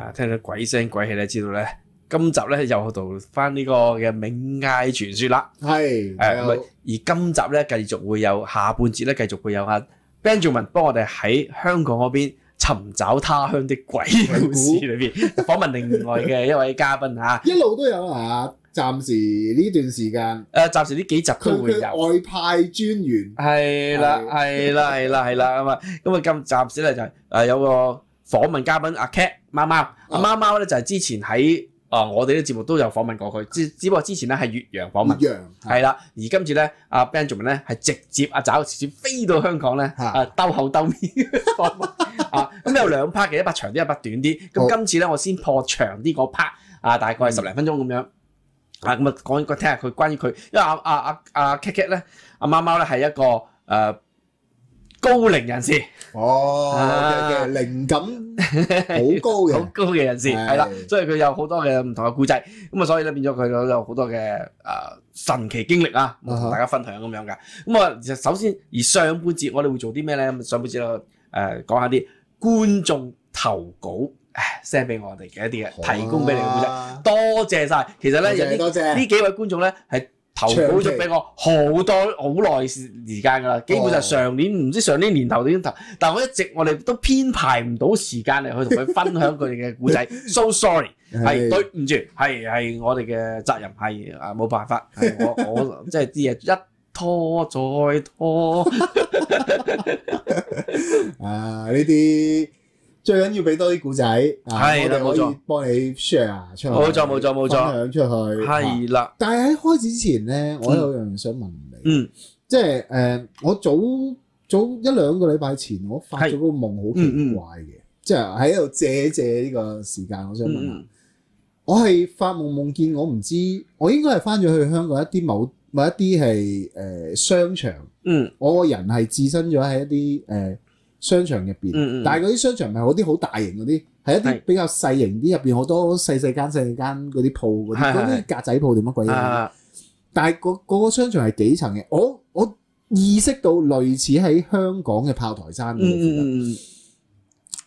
啊！聽到鬼聲鬼氣咧，知道咧，今集咧又讀翻呢個嘅《冥界傳說》啦。係，誒，而今集咧繼續會有下半節咧，繼續會有阿 Benjamin 幫我哋喺香港嗰邊尋找他鄉的鬼故事裏邊訪問另外嘅一位嘉賓嚇。一路都有啊！暫時呢段時間，誒，暫時呢幾集都會有外派專員係啦，係啦，係啦，係啦，咁啊，咁啊，今集先嚟就係誒有個訪問嘉賓阿 Cat。貓貓啊，貓貓咧就係之前喺啊，我哋啲節目都有訪問過佢，只只不過之前咧係越洋訪問，係啦，而今次咧阿 Benjamin 咧係直接阿爪直接飛到香港咧，啊兜口兜面訪問啊，咁有兩 part 嘅，一 part 長啲，一 part 短啲，咁今次咧我先破長啲個 part，啊大概係十零分鐘咁樣，啊咁啊講個聽下佢關於佢，因為阿阿阿阿 K K 咧，阿貓貓咧係一個啊。高齡人士哦，嘅靈感好高嘅，好 高嘅人士係啦，的所以佢有好多嘅唔同嘅故仔，咁啊的所以咧變咗佢有好多嘅啊神奇經歷啊哈，同大家分享咁樣嘅。咁、呃、啊，其實首先而上半節我哋會做啲咩咧？咁上半節誒講下啲觀眾投稿 send 俾我哋嘅一啲嘅提供俾你嘅故仔，多謝晒，其實咧有啲多謝呢幾位觀眾咧係。投稿咗俾我好多好耐時間㗎啦，基本上上年唔、哦、知上年年頭已經投，但係我一直我哋都編排唔到時間嚟去同佢分享佢哋嘅故仔 ，so sorry 係是對唔住，係係我哋嘅責任係啊，冇辦法，係我我即係啲嘢一拖再拖 啊呢啲。最緊要俾多啲故仔，的我哋可以幫你 share，出去，冇錯冇錯冇錯，分享出去。係啦錯，但係喺開始之前咧，嗯、我有樣嘢想問你，嗯、即係誒、呃，我早早一兩個禮拜前，我發咗個夢，好奇怪嘅，嗯嗯即係喺度借借呢個時間，我想問下，嗯嗯我係發夢夢見我唔知，我應該係翻咗去香港一啲某某一啲係誒商場，嗯、我個人係置身咗喺一啲誒。商場入邊，但係嗰啲商場唔係嗰啲好大型嗰啲，係一啲比較細型啲，入邊好多細細間細細間嗰啲鋪嗰啲，嗰啲格仔鋪點乜鬼嘢？但係嗰嗰個商場係幾層嘅，我我意識到類似喺香港嘅炮台山咁樣。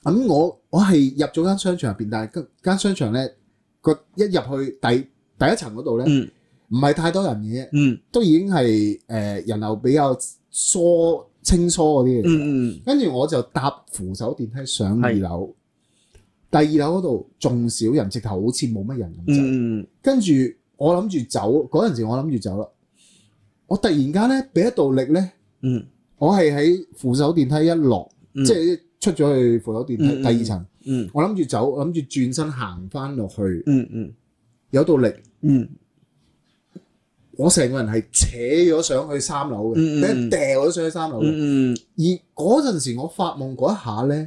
咁我我係入咗間商場入邊，但係間商場咧個一入去第第一層嗰度咧，唔係太多人嘅，都已經係誒人流比較疏。清疏嗰啲嘢，跟住、嗯、我就搭扶手電梯上二樓，是第二樓嗰度仲少人，直頭好似冇乜人咁走。跟住、嗯、我諗住走，嗰陣時我諗住走啦。我突然間咧俾一道力咧，嗯，我係喺扶手電梯一落，即係、嗯、出咗去扶手電梯第二層，嗯嗯、我諗住走，諗住轉身行翻落去，嗯嗯，嗯嗯有道力，嗯。我成個人係扯咗上去三樓嘅，一掉咗上去三樓嘅。而嗰陣時我發夢嗰一下咧，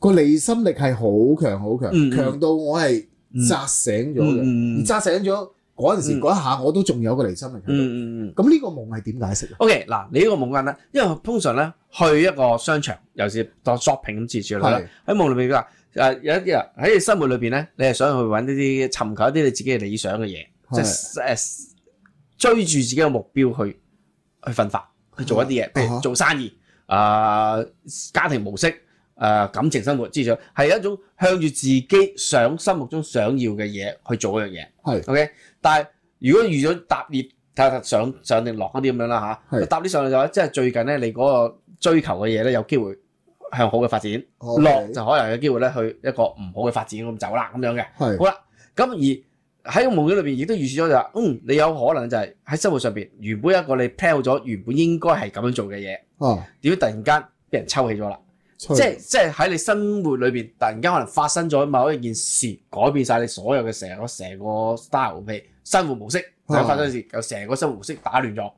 個離心力係好強好強，強到我係扎醒咗嘅。扎醒咗嗰陣時嗰一下，我都仲有個離心力。咁呢個夢係點解釋？O K 嗱，你呢個夢咧，因為通常咧去一個商場，尤其是當 shopping 咁接住啦，喺夢裏面佢話，誒，有一啲人喺你生活裏邊咧，你係想去揾呢啲尋求一啲你自己嘅理想嘅嘢，即係誒。追住自己嘅目標去去奮發，啊、去做一啲嘢，譬、啊、如做生意、啊家庭模式、誒、呃、感情生活之上，係一種向住自己想，想心目中想要嘅嘢去做一樣嘢。係是，OK 但。但係如果遇咗搭跌，踏踏上上定落嗰啲咁樣啦嚇。踏、啊、啲是上嚟就即、是、係最近咧，你嗰個追求嘅嘢咧，有機會向好嘅發展；落 okay? 就可能有機會咧，去一個唔好嘅發展咁走啦咁樣嘅。係。好啦，咁而。喺個夢境裏邊，亦都預示咗就話：嗯，你有可能就係喺生活上邊，原本一個你 plan 咗，原本應該係咁樣做嘅嘢。哦、啊，點解突然間俾人抽起咗啦！即係即係喺你生活裏邊，突然間可能發生咗某一件事，改變晒你所有嘅成個成個 style 味生活模式。發生件事，又成、啊、個生活模式打亂咗，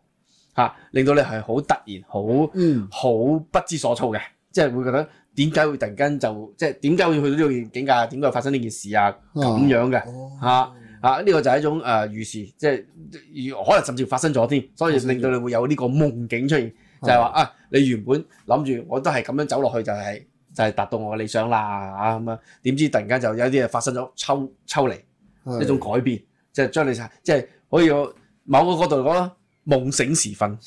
嚇、啊、令到你係好突然，好好、嗯、不知所措嘅。即係會覺得點解會突然間就即係點解會去到呢個境界？點解發生呢件事啊咁樣嘅嚇？啊啊啊啊！呢、這個就係一種誒預示，即係可能甚至發生咗添，所以令到你會有呢個夢境出現，嗯、就係話啊，你原本諗住我都係咁樣走落去、就是，就係就係達到我嘅理想啦嚇咁樣。點、啊、知突然間就有啲嘢發生咗，抽抽離一、嗯、種改變，即、就、係、是、將你即係、就是、可以有某個角度嚟講啦，夢醒時分。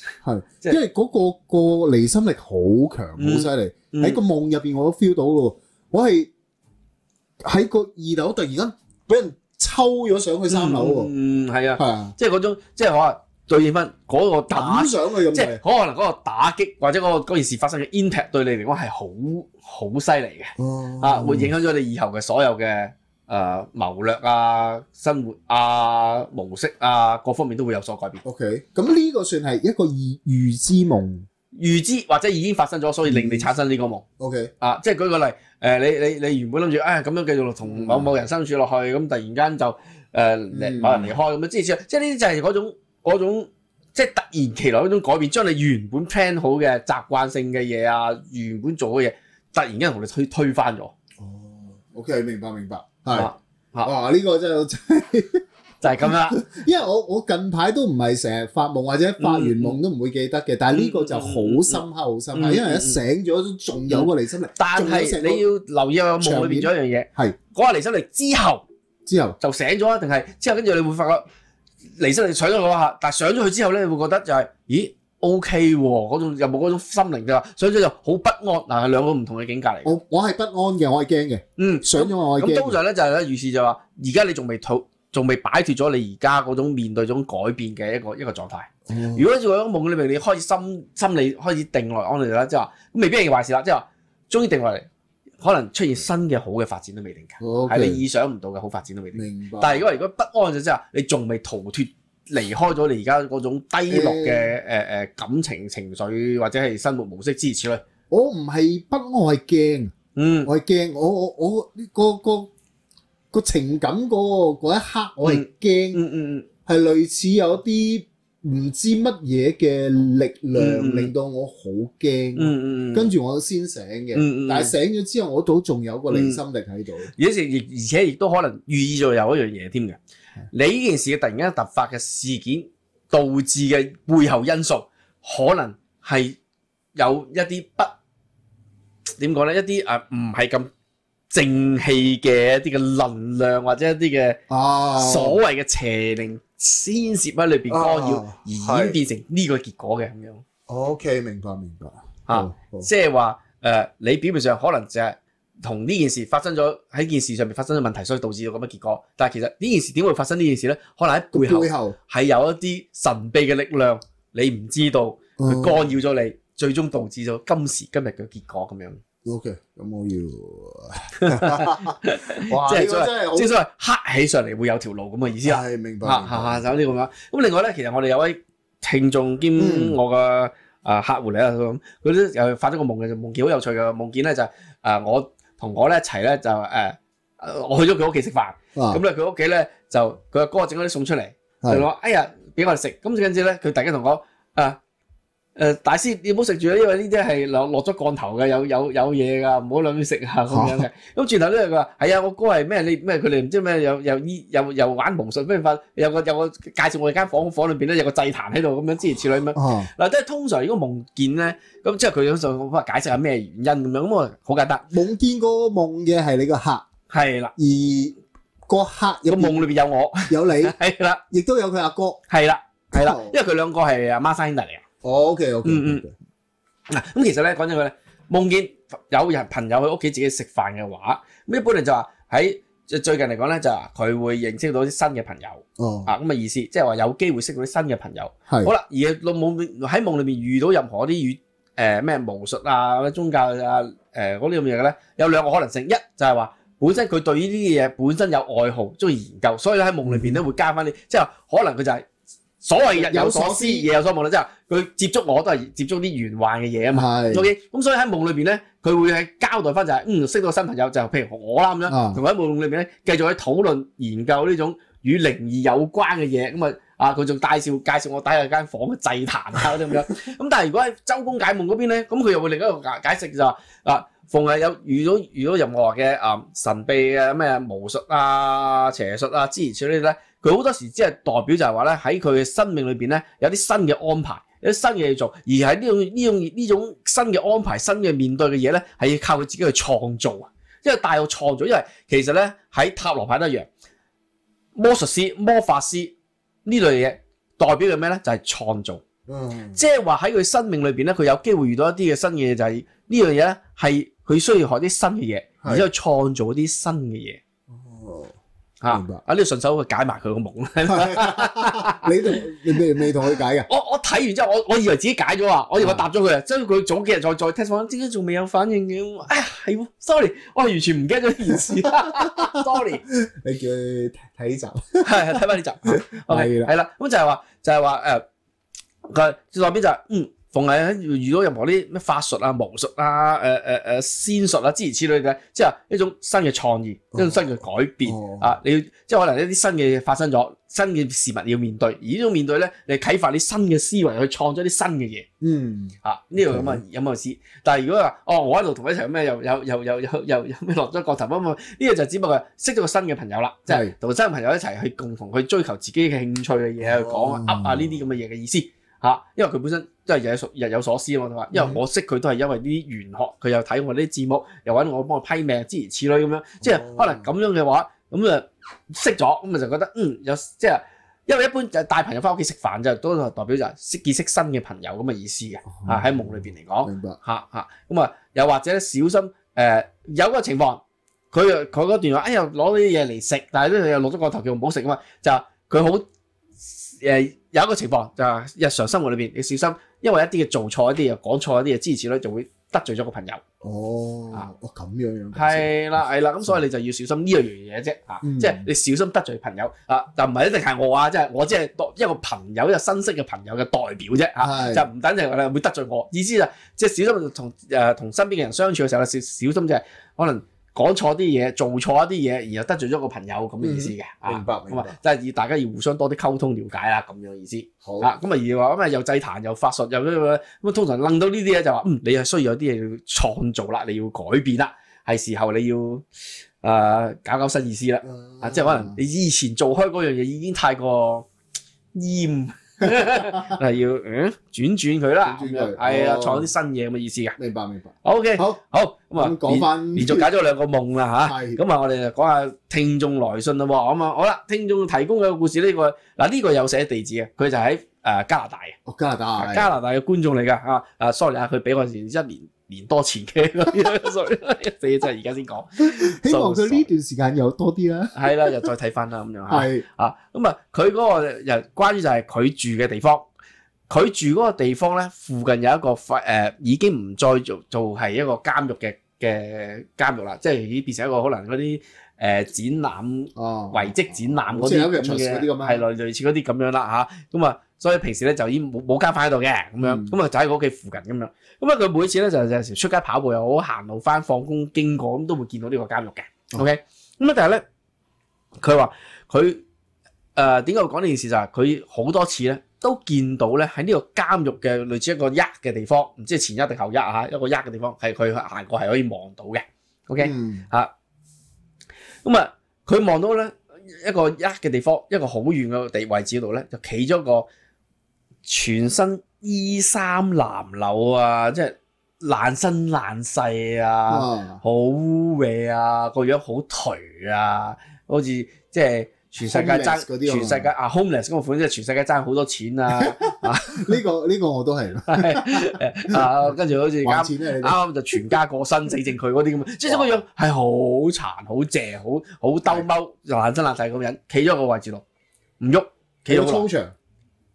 即係，因為嗰、那個、那個離心力好強，好犀利喺個夢入邊，我都 feel 到嘅喎。我係喺個二樓突，突然間俾人。抽咗上去三樓喎，嗯，係啊，係啊，即係嗰種，即係我對應返嗰個打上去咁樣，有有即係可能嗰個打擊或者嗰、那、件、個那個、事發生嘅 impact 對你嚟講係好好犀利嘅，嗯、啊，會影響咗你以後嘅所有嘅誒、呃、謀略啊、生活啊、模式啊各方面都會有所改變。OK，咁呢個算係一個預知夢。預知或者已經發生咗，所以令你產生呢個夢。O Okay . K 啊，即係舉個例，誒你你你原本諗住，唉、哎、咁樣繼續同某某人相處落去，咁、嗯、突然間就誒、呃、某人離開咁樣，即係即係呢啲就係嗰種嗰種，即係突然其來嗰種改變，將你原本 plan 好嘅習慣性嘅嘢啊，原本做嘅嘢，突然間同你推推翻咗。哦，O K 明白明白，係、嗯、啊，哇呢、嗯啊這個真係。 就係咁啦，因為我我近排都唔係成日發夢，或者發完夢都唔會記得嘅。但係呢個就好深刻、好深刻，因為一醒咗都仲有個離心力。但係你要留意啊，夢裏變咗一樣嘢係嗰個離心力之後，之後就醒咗啊？定係之後跟住你會發覺離心力上咗嗰一下，但係上咗去之後咧，你會覺得就係咦？OK，嗰種有冇嗰種心靈就話上咗就好不安嗱，係兩個唔同嘅境界嚟。我我係不安嘅，我係驚嘅。嗯，上咗我係驚，咁通常咧就係咧，於是就話而家你仲未吐。仲未擺脫咗你而家嗰種面對種改變嘅一個一個狀態。如果你夢嘅裏面，你開始心心理開始定落嚟，安定啦？即係話未必係壞事啦。即係話終於定落嚟，可能出現新嘅好嘅發展都未定㗎，係 Okay, 你意想唔到嘅好發展都未定。白但係如果如果不安咗，即係你仲未逃脫離開咗你而家嗰種低落嘅誒誒感情情緒或者係生活模式支持咧，我唔係不安，我係驚。嗯，我係驚，我我我嗰嗰。個情感嗰一刻我，我係驚，係類似有啲唔知乜嘢嘅力量，令到我好驚。嗯嗯、跟住我先醒嘅，嗯嗯、但係醒咗之後，我都仲有個靈心力喺度、嗯。而且亦而且亦都可能寓意咗有一樣嘢添嘅。你呢件事嘅突然間突發嘅事件導致嘅背後因素，可能係有一啲不，點講咧，一啲誒唔係咁。正氣嘅一啲嘅能量，或者一啲嘅所謂嘅邪靈先攝喺裏邊干擾，而、啊、演變成呢個結果嘅咁樣。OK，明白明白。嚇、啊，即係話誒，你表面上可能就係同呢件事發生咗喺件事上面發生咗問題，所以導致到咁嘅結果。但係其實呢件事點會發生呢件事呢？可能喺背後係有一啲神秘嘅力量，後你唔知道佢干擾咗你，嗯、最終導致咗今時今日嘅結果咁樣。O K，咁我要、啊， 哇，呢個真係，即係即係黑起上嚟會有條路咁嘅意思啊，係明白，明白啊，走呢個咁，咁另外咧，其實我哋有位聽眾兼我個啊客戶嚟啦，佢咁、嗯，佢咧又發咗個夢嘅，就夢見好有趣嘅，夢見咧就啊，我同我咧一齊咧就誒，我去咗佢屋企食飯，咁咧佢屋企咧就佢阿哥整咗啲餸出嚟，佢話是哎呀俾我哋食，咁點解知咧？佢突然間同我啊～誒，大師你唔好食住啊！因為呢啲係落落咗降頭嘅，有有有嘢噶，唔好諗住食啊咁樣嘅。咁轉頭咧，佢話係啊，我哥係咩？你咩？佢哋唔知咩？又又依又又玩夢術咩瞓。」有個有個介紹我哋間房房裏邊咧，有個祭壇喺度，咁樣之如此類咁樣。嗱，即係通常如果夢見咧，咁之後佢想我解釋下咩原因咁樣。咁我好簡單。夢見嗰個夢嘅係你個客，係啦。而個客有個夢裏邊有我，有你，係啦，亦都有佢阿哥，係啦，係啦，因為佢兩個係孖生兄弟嚟。哦，OK、OK，嗯嗯，嗱、嗯，咁其實咧，講真佢咧，夢見有人朋友去屋企自己食飯嘅話，咁一般嚟就話喺最近嚟講咧，就話佢會認識到啲新嘅朋友，哦、oh. 啊，啊咁嘅意思，即係話有機會識到啲新嘅朋友，係，oh. 好啦，而冇喺夢裏面遇到任何啲與誒咩巫術啊、宗教啊誒嗰啲咁嘢咧，有兩個可能性，一就係、是、話本身佢對呢啲嘢本身有愛好，中意研究，所以咧喺夢裏面咧會加翻啲，即係、嗯、可能佢就係、是。所謂日有所思，夜有所夢啦，即係佢接觸我都係接觸啲玄幻嘅嘢啊嘛，係。OK，咁所以喺夢裏邊咧，佢會係交代翻就係、是，嗯，識到新朋友就譬如我啦咁樣，同佢喺夢裏面咧繼續喺討論研究呢種與靈異有關嘅嘢，咁啊啊佢仲介紹介紹我底下間房嘅祭壇啊啲咁樣。咁但係如果喺周公解夢嗰邊咧，咁佢又會另一個解解釋就話、是、啊，逢係有遇咗遇咗任何嘅啊、嗯、神秘嘅咩巫術啊邪術、邪術啊之類嗰啲咧。佢好多時即係代表就係話咧，喺佢嘅生命裏邊咧有啲新嘅安排，有啲新嘢，要做，而喺呢種呢種呢種新嘅安排、新嘅面對嘅嘢咧，係要靠佢自己去創造啊，因為帶有創造，因為其實咧喺塔羅牌都一樣，魔術師、魔法師呢類嘢代表嘅咩咧，就係創造，嗯，即係話喺佢生命裏邊咧，佢有機會遇到一啲嘅新嘢，就係呢樣嘢咧係佢需要學啲新嘅嘢，而且去創造啲新嘅嘢。啊！啊，你順手去解埋佢個夢啦。你同你未未同佢解㗎？我我睇完之後，我我以為自己解咗啊！我以為我答咗佢啊，將佢早幾日再再聽翻，點解仲未有反應嘅？哎呀，係喎，sorry，我係完全唔記得咗呢件事。 sorry，你叫佢睇呢集，係睇翻呢集。OK，係啦，咁就係、是、話就係話誒，佢、就、最後、是就是就是呃、邊就係、是、嗯。嗯逢係遇到任何啲咩法術啊、巫術啊、誒誒誒仙術啊，諸如此類嘅，即係一種新嘅創意，哦、一種新嘅改變、哦、啊！你要即係可能一啲新嘅嘢發生咗，新嘅事物要面對，而呢種面對咧，你啟發你新嘅思維去創造啲新嘅嘢。嗯，嚇呢度咁嘅有冇意思？但係如果話哦，我喺度同佢一齊咩，又又又又又又落咗個頭咁啊！呢個就只不過識咗個新嘅朋友啦，即係同新嘅朋友一齊去共同去追求自己嘅興趣嘅嘢去講噏啊呢啲咁嘅嘢嘅意思。嚇！因為佢本身都係日日有所思啊嘛，我因為我識佢都係因為啲玄學，佢又睇我啲字幕，又揾我幫佢批命之如此類咁樣，即係可能咁樣嘅話，咁啊識咗，咁啊就覺得嗯有即係，因為一般就帶朋友翻屋企食飯就都代表就識結識新嘅朋友咁嘅意思嘅，嚇喺、嗯啊、夢裏邊嚟講明白、嚇嚇，咁白啊又或者小心誒、呃、有個情況，佢佢嗰段話，哎呀攞呢啲嘢嚟食，但係咧又落咗個頭叫唔好食啊嘛，就佢好。誒、呃、有一個情況就係、是、日常生活裏邊，你小心，因為一啲嘅做錯一啲嘢，講錯一啲嘢，支持咧就會得罪咗個朋友。哦，啊，咁樣樣。係啦，係啦，咁、嗯、所以你就要小心呢樣樣嘢啫。嚇、啊，即係、嗯、你小心得罪朋友啊，但唔係一定係我啊，即係、嗯、我即係一個朋友，一個新識嘅朋友嘅代表啫。嚇、啊，的就唔等於你會得罪我。意思就即、是、係小心同誒同身邊嘅人相處嘅時候，小心就係可能，講錯啲嘢，做錯一啲嘢，然後得罪咗個朋友咁嘅，嗯、意思嘅。明白明白，即係要大家要互相多啲溝通了解啦，咁樣意思。好啊，咁啊而話咁啊又祭壇又法術又呢個咁啊，通常諗到呢啲嘢，就話，嗯，你係需要有啲嘢要創造啦，你要改變啦，係時候你要誒，呃、搞搞新意思啦，嗯、啊，即係可能你以前做開嗰樣嘢已經太過厭。係 要嗯轉轉佢啦，係啊，創啲新嘢咁嘅意思噶。明白明白。OK，好、嗯、好咁啊，講翻，連續解咗兩個夢啦吓。係咁的、嗯這個、啊，我哋就講下聽眾來信啦。咁啊，好啦，聽眾提供嘅故事呢個，嗱呢個有寫地址嘅，佢就喺誒加拿大啊，加拿大、哦、加拿大嘅的觀眾嚟噶吓。啊，sorry 啊，佢俾我哋一年。年多前嘅啦，所以呢啲真係而家先講。希望佢呢段時間又多啲啦，係啦，又再睇翻啦，咁樣係啊。咁 是啊，佢嗰、嗰個又關於就係佢住嘅地方，佢住嗰個地方咧，附近有一個誒、呃，已經唔再做做係一個監獄嘅嘅監獄啦，即係已變成一個可能嗰啲誒展覽哦，遺跡展覽嗰啲嘅，係類類似啲咁樣啦，吓咁啊。所以平時咧就已經冇冇間房喺度嘅，咁、嗯、樣咁啊就喺嗰屋企附近咁樣，咁啊佢每次咧就有時出街跑步又好，行路翻放工經過咁都會見到呢個監獄嘅、嗯、，OK，咁啊但係咧佢話佢誒點解我講呢件事就係佢好多次咧都見到咧喺呢個監獄嘅類似一個一嘅地方，唔知前一定後一啊，一個一嘅地方係佢行過係可以望到嘅，OK，嚇、嗯，咁啊佢望到咧一個一嘅地方，一個好遠嘅地位置度咧就企咗個。全身衣衫襤褸啊，即係爛身爛世啊，好烏歪啊，個樣好頹啊，好似即係全世界爭全世界啊，homeless 嗰款即係全世界爭好多錢啊！呢個呢個我都係，啊跟住好似啱啱就全家過身死剩佢嗰啲咁，即係個樣係好殘好正好好兜踎就爛身爛世咁樣，企咗個位置度唔喐，企喺度。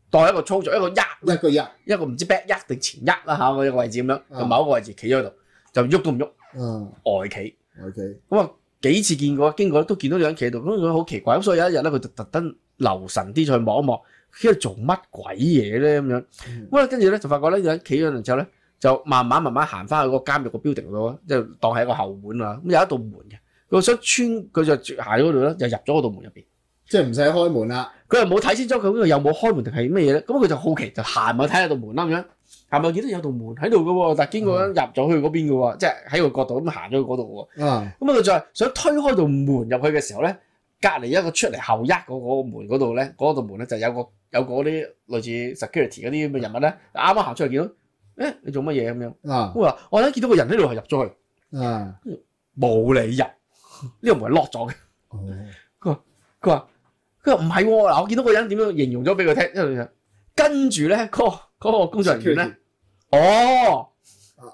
當一個操作，一個一，一個一，一個唔知咩一定前一啦吓，嗰一個位置咁樣，嗯、某一個位置企咗喺度，就喐都唔喐，外企，外企，咁啊幾次見過，經過都見到有人企喺度咁樣好奇怪。咁所以有一日咧，佢就特登留神啲，再望一望，佢做乜鬼嘢咧咁樣，咁咧跟住咧就發覺咧，有人企咗陣之後咧，就慢慢慢慢行翻去嗰監獄個 building 度啊，即係當係一個後門啊，咁有一道門嘅，佢想穿佢就住鞋嗰度咧，就入咗嗰道門入邊。即係唔使開門啦，佢又冇睇清楚佢嗰度有冇開門定係乜嘢咧？咁佢就好奇就行埋睇下道門啦，咁樣行埋見到有道門喺度嘅喎，但係經過入咗去嗰邊嘅喎，即係喺個角度咁行咗去嗰度喎。咁啊佢就係想推開道門入去嘅時候咧，隔離一個出嚟後一嗰嗰個門嗰度咧，嗰個道門咧就有個有啲類似 security 嗰啲咁嘅人物咧，啱啱行出去見到，誒你做乜嘢咁樣？啊，佢話我一見到個人喺度入咗去，啊冇理由呢個門係 lock 咗嘅。佢佢話。佢話唔係喎，嗱、啊、我見到個人點樣形容咗俾佢聽，一路就跟住咧，嗰、嗰個嗰個工作人員咧，哦，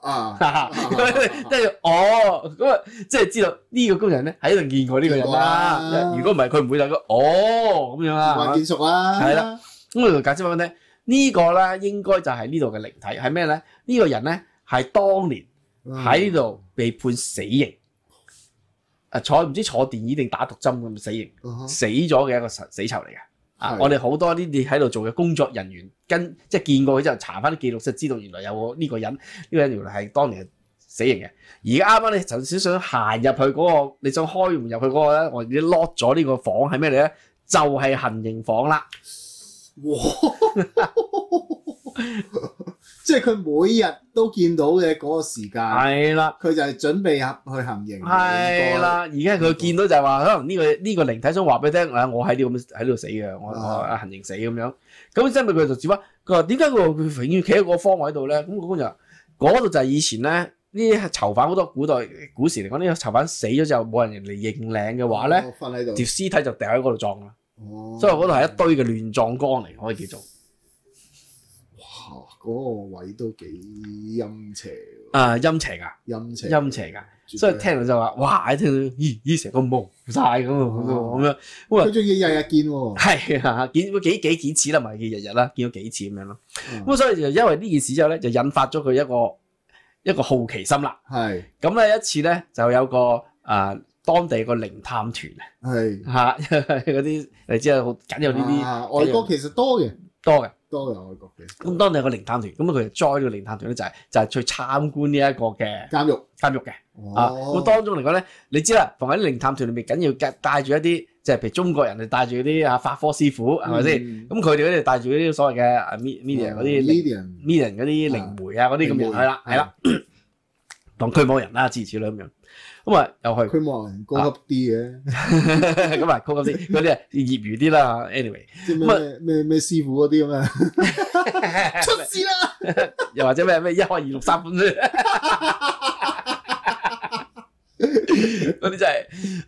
啊，即、啊、係、啊、 哦，咁啊，即係知道呢個工人咧喺度見過呢個人啦。如果唔係，佢唔會話個哦咁樣啦，係嘛、啊？見熟啦，係啦了。咁、啊、我哋解釋翻先，呢、呢個咧應該就係呢度嘅靈體係咩咧？呢、呢個人咧係當年喺度被判死刑。嗯坐唔知坐電椅定打毒針咁死刑、uh huh. 死咗嘅一個死，死囚嚟嘅啊！的我哋好多呢啲喺度做嘅工作人員，跟即係見過佢之後，查翻啲記錄就知道原來有呢個人，呢、這個人原來係當年死刑嘅。而家啱啱你頭先想行入去嗰、那個，你想開門入去嗰、那個咧，我已經 lock 咗呢個房係咩嚟咧？就係、是、行刑房啦。哇！ 即係佢每日都見到嘅嗰個時間，係啦了，佢就係準備入去行刑、那個，係啦。而家佢見到就係話，可能呢、這個呢、這個靈體想話俾你聽，誒，我喺呢度喺度死嘅，我、啊、我行刑死咁樣。咁真係佢就指翻，佢話點解佢永遠企喺嗰個方位度咧？咁嗰個就嗰度就係以前咧，呢啲囚犯好多古代，古代，古時嚟講，呢個囚犯死咗之後冇人嚟認領嘅話咧，瞓喺度，條屍體就掉喺嗰度撞。啦。哦，所以嗰度係一堆嘅亂葬崗嚟，可以叫做。哇，嗰個位都幾陰邪。啊，陰邪噶。陰邪。陰邪噶。所以聽到就話，哇！一聽到，咦咦，成個毛晒咁咁樣。佢仲要日日見喎。係啊，見幾幾幾次啦，咪見日日啦，見到幾次咁樣咯。咁所以就因為呢件事之後咧，就引發咗佢一個一個好奇心啦。係。咁咧一次咧，就有個啊。當地個靈探團啊，係嚇嗰啲你知啊，好緊要呢啲外國其實多嘅，多嘅，多嘅外國嘅。咁當地個靈探團，咁啊佢就 j 咗 i n 個靈探團咧，就係就係去參觀呢一個嘅監獄監獄嘅啊。咁當中嚟講咧，你知啦，逢喺靈探團裏面，緊要帶住一啲，即係譬如中國人就帶住啲啊法科師傅，係咪先？咁佢哋嗰啲帶住嗰啲所謂嘅啊 media 嗰啲 media media 嗰啲靈媒啊嗰啲咁樣係啦係啦，當驅魔人啦之類咁樣。咁啊，又係佢冇人高級啲嘅，咁啊高級啲嗰啲啊業餘啲啦，anyway，咩咩咩師傅嗰啲咁啊， 出事啦，又或者咩咩 一開二六三分嗰啲 真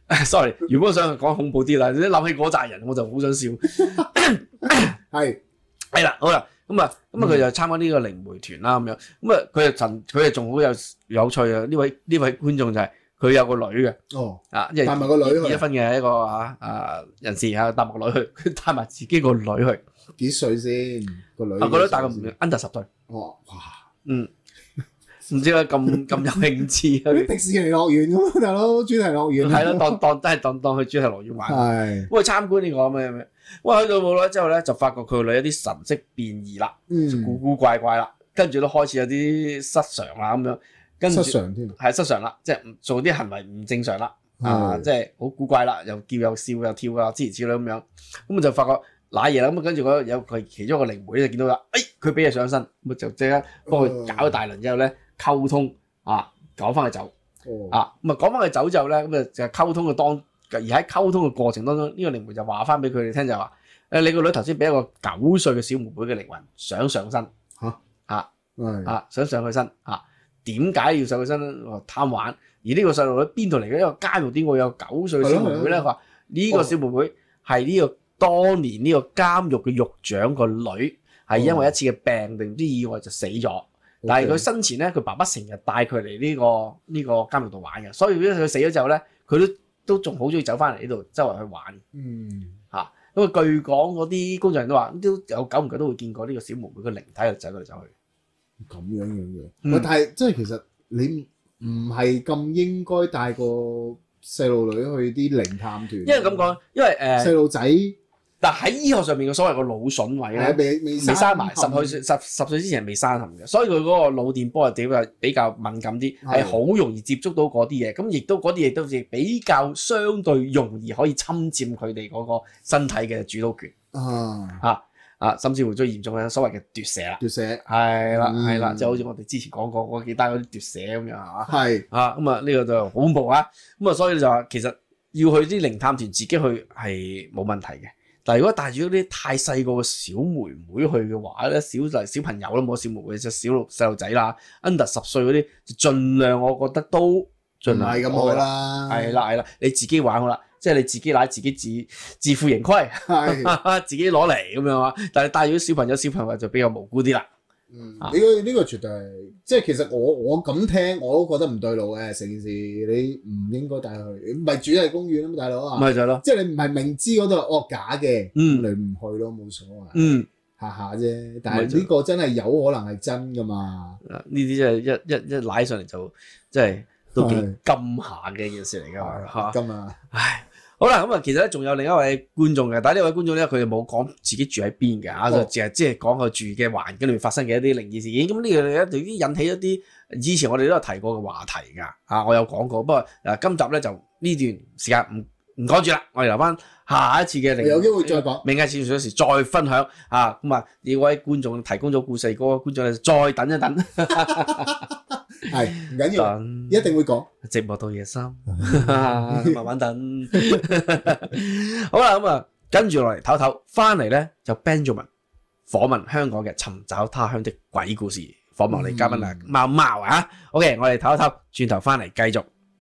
係，sorry，如果我想講恐怖啲啦，你諗起嗰扎人我就好想笑，係係啦，好啦，咁啊咁啊佢就參加呢個靈媒團啦，咁樣，嗯，咁啊佢就陳，佢又仲好有有趣啊，呢位呢位觀眾就係、是。佢有個女嘅，哦，啊，帶埋個女去，二一分嘅一個啊，啊人士嚇，搭個女去，佢帶埋自己個女去，幾歲先女個女？阿哥咧大個唔少 under 十歲，哦。哇，嗯，唔十分 知解，咁咁 有興趣。好似迪士尼樂園咁，大佬主題樂園。係咯，當當真係當當去主題樂園玩。係的。咁啊參觀呢、呢個咁嘅咩？哇，去到冇耐之後咧，就發覺佢個女有啲神色變異啦，嗯，古古怪怪啦，跟住都開始有啲失常啦咁樣。跟失常添，係失常啦，即係做啲行為唔正常啦，啊，即係好古怪啦，又叫又笑又跳啦，之類之類咁樣。咁我就發覺瀨嘢啦。咁啊，跟住有佢其中一個靈媒就見到啦。誒，佢俾佢上身，咁就即刻幫佢搞大輪之後咧溝通啊，搞翻佢走啊。咁啊講翻佢走之後咧，咁啊就係溝通嘅當，而喺溝通嘅過程當中，呢個靈媒就話翻俾佢哋聽就話：誒，你個女頭先俾一個九歲嘅小妹妹嘅靈魂想上身嚇啊啊想上佢身啊！點解要上佢身？我貪玩。而呢個細路女邊度嚟嘅？因為監獄點會有九歲小妹妹咧，佢話呢個小妹妹係呢個當年呢個監獄嘅獄長個女，係、嗯、因為一次嘅病定唔知意外就死咗。嗯、但係佢生前咧，佢爸爸成日帶佢嚟呢個呢、呢個監獄度玩嘅，所以佢死咗之後咧，佢都都仲好中意走翻嚟呢度周圍去玩。嗯，嚇、啊，因為據講嗰啲工作人都話都有久唔久都會見過呢個小妹妹個靈體就走嚟走去。咁樣樣嘅，嗯、但係即係其實你唔係咁應該帶個細路女去啲靈探團因。因為咁講，因為誒細路仔，但喺醫學上面嘅所謂個腦囟位，咧，未未未生埋十歲十十歲之前係未生痕嘅，所以佢嗰個腦電波啊點啊比較敏感啲，係好的容易接觸到嗰啲嘢，咁亦都嗰啲嘢都亦比較相對容易可以侵佔佢哋嗰個身體嘅主導權。啊、嗯！啊，甚至乎最嚴重嘅所謂嘅奪舍啦，奪舍，係啦，係啦，即好似我哋之前講過我記得嗰啲奪舍咁樣啊，係，啊，咁啊呢個就好恐怖啊，咁啊所以就話其實要去啲靈探團自己去係冇問題嘅，但係如果帶住嗰啲太細個嘅小妹妹去嘅話咧，小就係小朋友都冇小妹妹，就小細路仔啦，under 十歲嗰啲，儘量我覺得都儘量咁去啦，係啦，係啦，你自己玩好啦。即係你自己舐自己，自己自自負盈虧， 自己攞嚟咁樣啊！但係帶咗小朋友，小朋友就比較無辜啲啦。嗯，呢個呢個絕對係，即係其實我我咁聽我都覺得唔對路嘅，成件事你唔應該帶去，唔係主題公園啊嘛，大佬啊，咪就係咯，即係你唔係明知嗰度係惡假嘅，咁、嗯、你唔去咯，冇所謂。嗯，下嚇啫，但係呢個真係有可能係真噶嘛？呢啲真係一一一舐上嚟就即係都幾金下嘅一件事嚟㗎嚇，金啊，唉～唉好啦，咁啊，其實咧仲有另一位觀眾嘅，但呢位觀眾咧，佢冇講自己住喺邊嘅啊，就、哦、淨係即係講佢住嘅環境裏面發生嘅一啲靈異事件。咁呢樣咧就已經引起一啲以前我哋都有提過嘅話題㗎，啊，我有講過，不過誒，今集咧就呢段時間唔。唔講住啦，我哋留翻下一次嘅，有機會再講。明日上晝時再分享啊！咁啊，呢位觀眾提供咗故事，嗰個觀眾就再等一等， 係唔緊要，等一定會講。寂寞到夜深， 慢慢等。 好啦，咁、嗯、啊，跟住落嚟唞一唞，翻嚟咧就 Benjamin 訪問香港嘅尋找他鄉的鬼故事，訪問我哋嘉賓貓貓啊，貓貓啊，OK，我哋唞一唞，轉頭翻嚟繼續。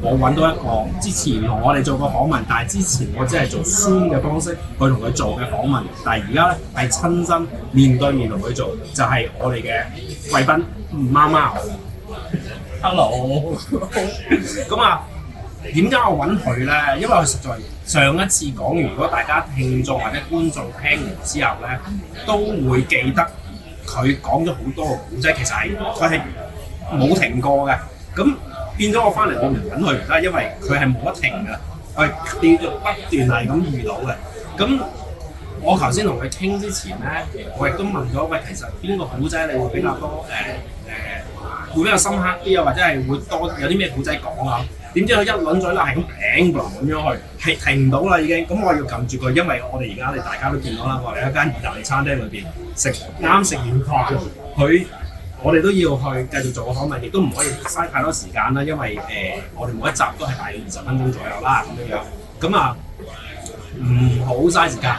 我揾到一個之前同我哋做過訪問，但係之前我只係做 Zoom 嘅方式去同佢做嘅訪問，但係而家咧係親身面對面同佢做，就係、是、我哋嘅貴賓吳媽媽我。Hello，咁 啊，點解我揾佢咧？因為佢實在上一次講完，如果大家聽眾或者觀眾聽完之後咧，都會記得佢講咗好多古仔，其實係佢係冇停過嘅，咁。變咗我翻嚟，我唔揾佢啦，因為佢係冇得停㗎，係跌到不斷係咁遇到嘅。咁我頭先同佢傾之前咧，我亦都問咗喂，其實邊個古仔你會比較多誒誒、呃，會比較深刻啲啊，或者係會多有啲咩古仔講啊？點知佢一揾嘴咧係咁砰嚟咁樣去，係停唔到啦已經了了。咁我要撳住佢，因為我哋而家你大家都見到啦，我喺一間意大利餐廳裏邊食啱食完飯，佢。我哋都要去繼續做個訪問，亦都唔可以嘥太多時間啦，因為誒、呃，我哋每一集都係大約二十分鐘左右啦，咁樣樣，咁啊，唔好嘥時間。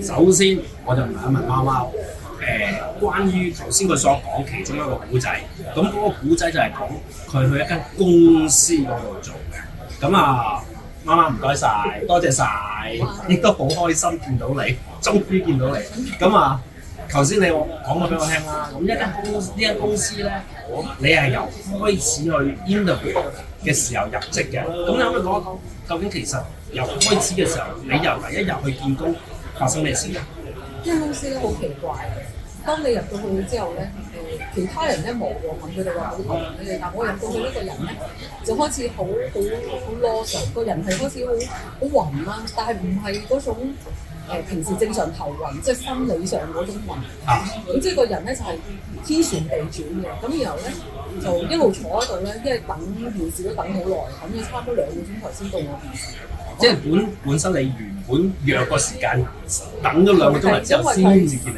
首先，我就問一問貓貓，誒、呃，關於頭先佢所講其中一個古仔，咁嗰個古仔就係講佢去一間公司嗰度做嘅。咁啊，貓貓唔該晒，多謝晒，亦都好開心見到你，終於見到你。咁啊～頭先你講過俾我聽啦，咁一間公司呢間公司咧，公司你係由開始去 Interview 嘅時候入職嘅，咁、嗯、你可以講一講，究竟其實由開始嘅時候，你由第一日去見工，嗯、發生咩事啊？呢間公司咧，好奇怪嘅，當你入到去之後咧，其他人咧冇望問佢哋話好，但我入到去呢個人咧，嗯、就開始好好好囉嗦，哼哼個人係開始好好暈啊，但係唔係嗰種。誒，平時正常頭暈，即係心理上嗰種暈，咁、啊、即係個人咧就係、係、天旋地轉嘅，咁然後咧就一路坐喺度咧，因為等電視都等好耐，咁啊差唔多兩個鐘頭先到我電視。即係本本身你原本約個時間的等咗兩個鐘頭就先至見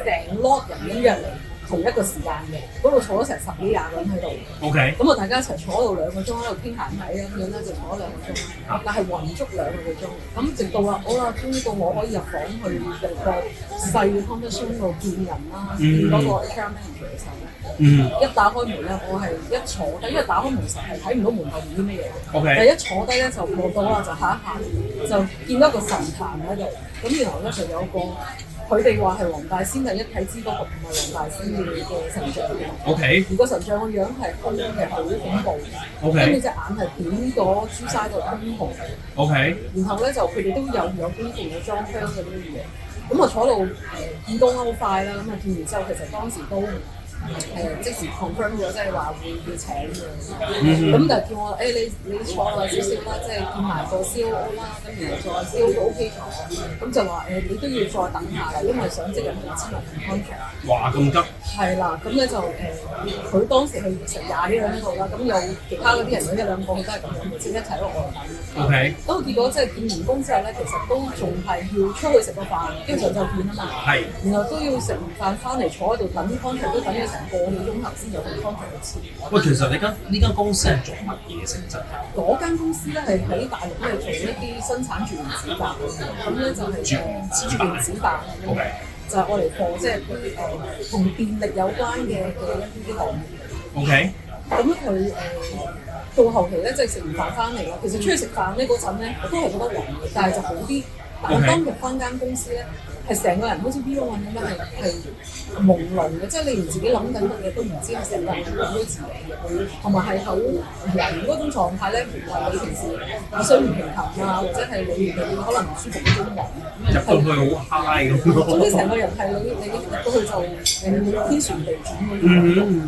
面。同一個時間嘅，嗰度坐咗成十幾廿個人喺度。O K，咁我大家一齊坐喺度兩個鐘喺度傾閒偈咁樣啦，仲坐咗兩個鐘，但係混足兩個鐘。咁直到話好啦，終於我可以入房去個細 conference room 度見人啦，見嗰個 H R 咩嘅時候咧，一打開門咧，我係 Okay. 一坐低，因為打開門實係睇唔到門後面啲咩嘢。O K，但一坐低咧就過到啦，就嚇一嚇，就見到一個神壇喺度，咁然後咧就有一個。佢哋話係黃大仙定一體知多福，唔係黃大仙嘅嘅神像。O K，而個神像個樣係空嘅，好恐怖。O K，跟住隻眼係點咗，朱砂個通紅。O K，然後咧就佢哋都有有啲勁嘅裝腔嘅啲嘢。咁、嗯、啊坐到誒見到好快啦。咁啊見完之後，其實當時都。誒即時 confirm 咗，即係話會要請嘅，咁、嗯、哼就叫我誒、欸、你你坐耐少少啦，即係見埋個 C.O.O 啦，咁然後再 C.O.O O.K. 坐，咁、哦嗯、就話誒、欸、你都要再等下嘅，因為想即日見親個 contract。哇！咁急。係啦，咁咧就誒，佢、呃、當時係完成廿幾兩個啦，咁有其他嗰啲人嗰一兩個都都係咁樣，即係一齊喎，我等。O.K. 都結果即係、就是、見完工之後咧，其實都仲係要出去食個飯，經常就見啊嘛。然後都要食完飯翻嚟坐喺度等 contract 都等嘅。過幾鐘頭先有地方做錢。喂，其實你間呢間公司係做乜嘢嘅性質？嗰間公司咧，係喺大陸都係做一啲生產電子版嘅，咁咧就係住電子版 Okay.，就係我嚟做即係誒同電力有關嘅嘅一啲啲行業。OK、嗯。咁佢誒到後期咧，即係食完飯翻嚟咯。其實出去食飯呢嗰陣咧，都係覺得暈嘅，但係就好啲。Okay. 但我翻到翻間公司咧。係成個人好似 vision 咁樣係係朦朧嘅，即係你唔自己諗緊乜嘢都唔知，成個人諗到自己，好同埋係好人嗰種狀態咧，係平時水唔平衡啊，或者係內面可能唔舒服都冇，入是到去好 high 咁。總之成個人係你你一入到去就係天旋地轉咁。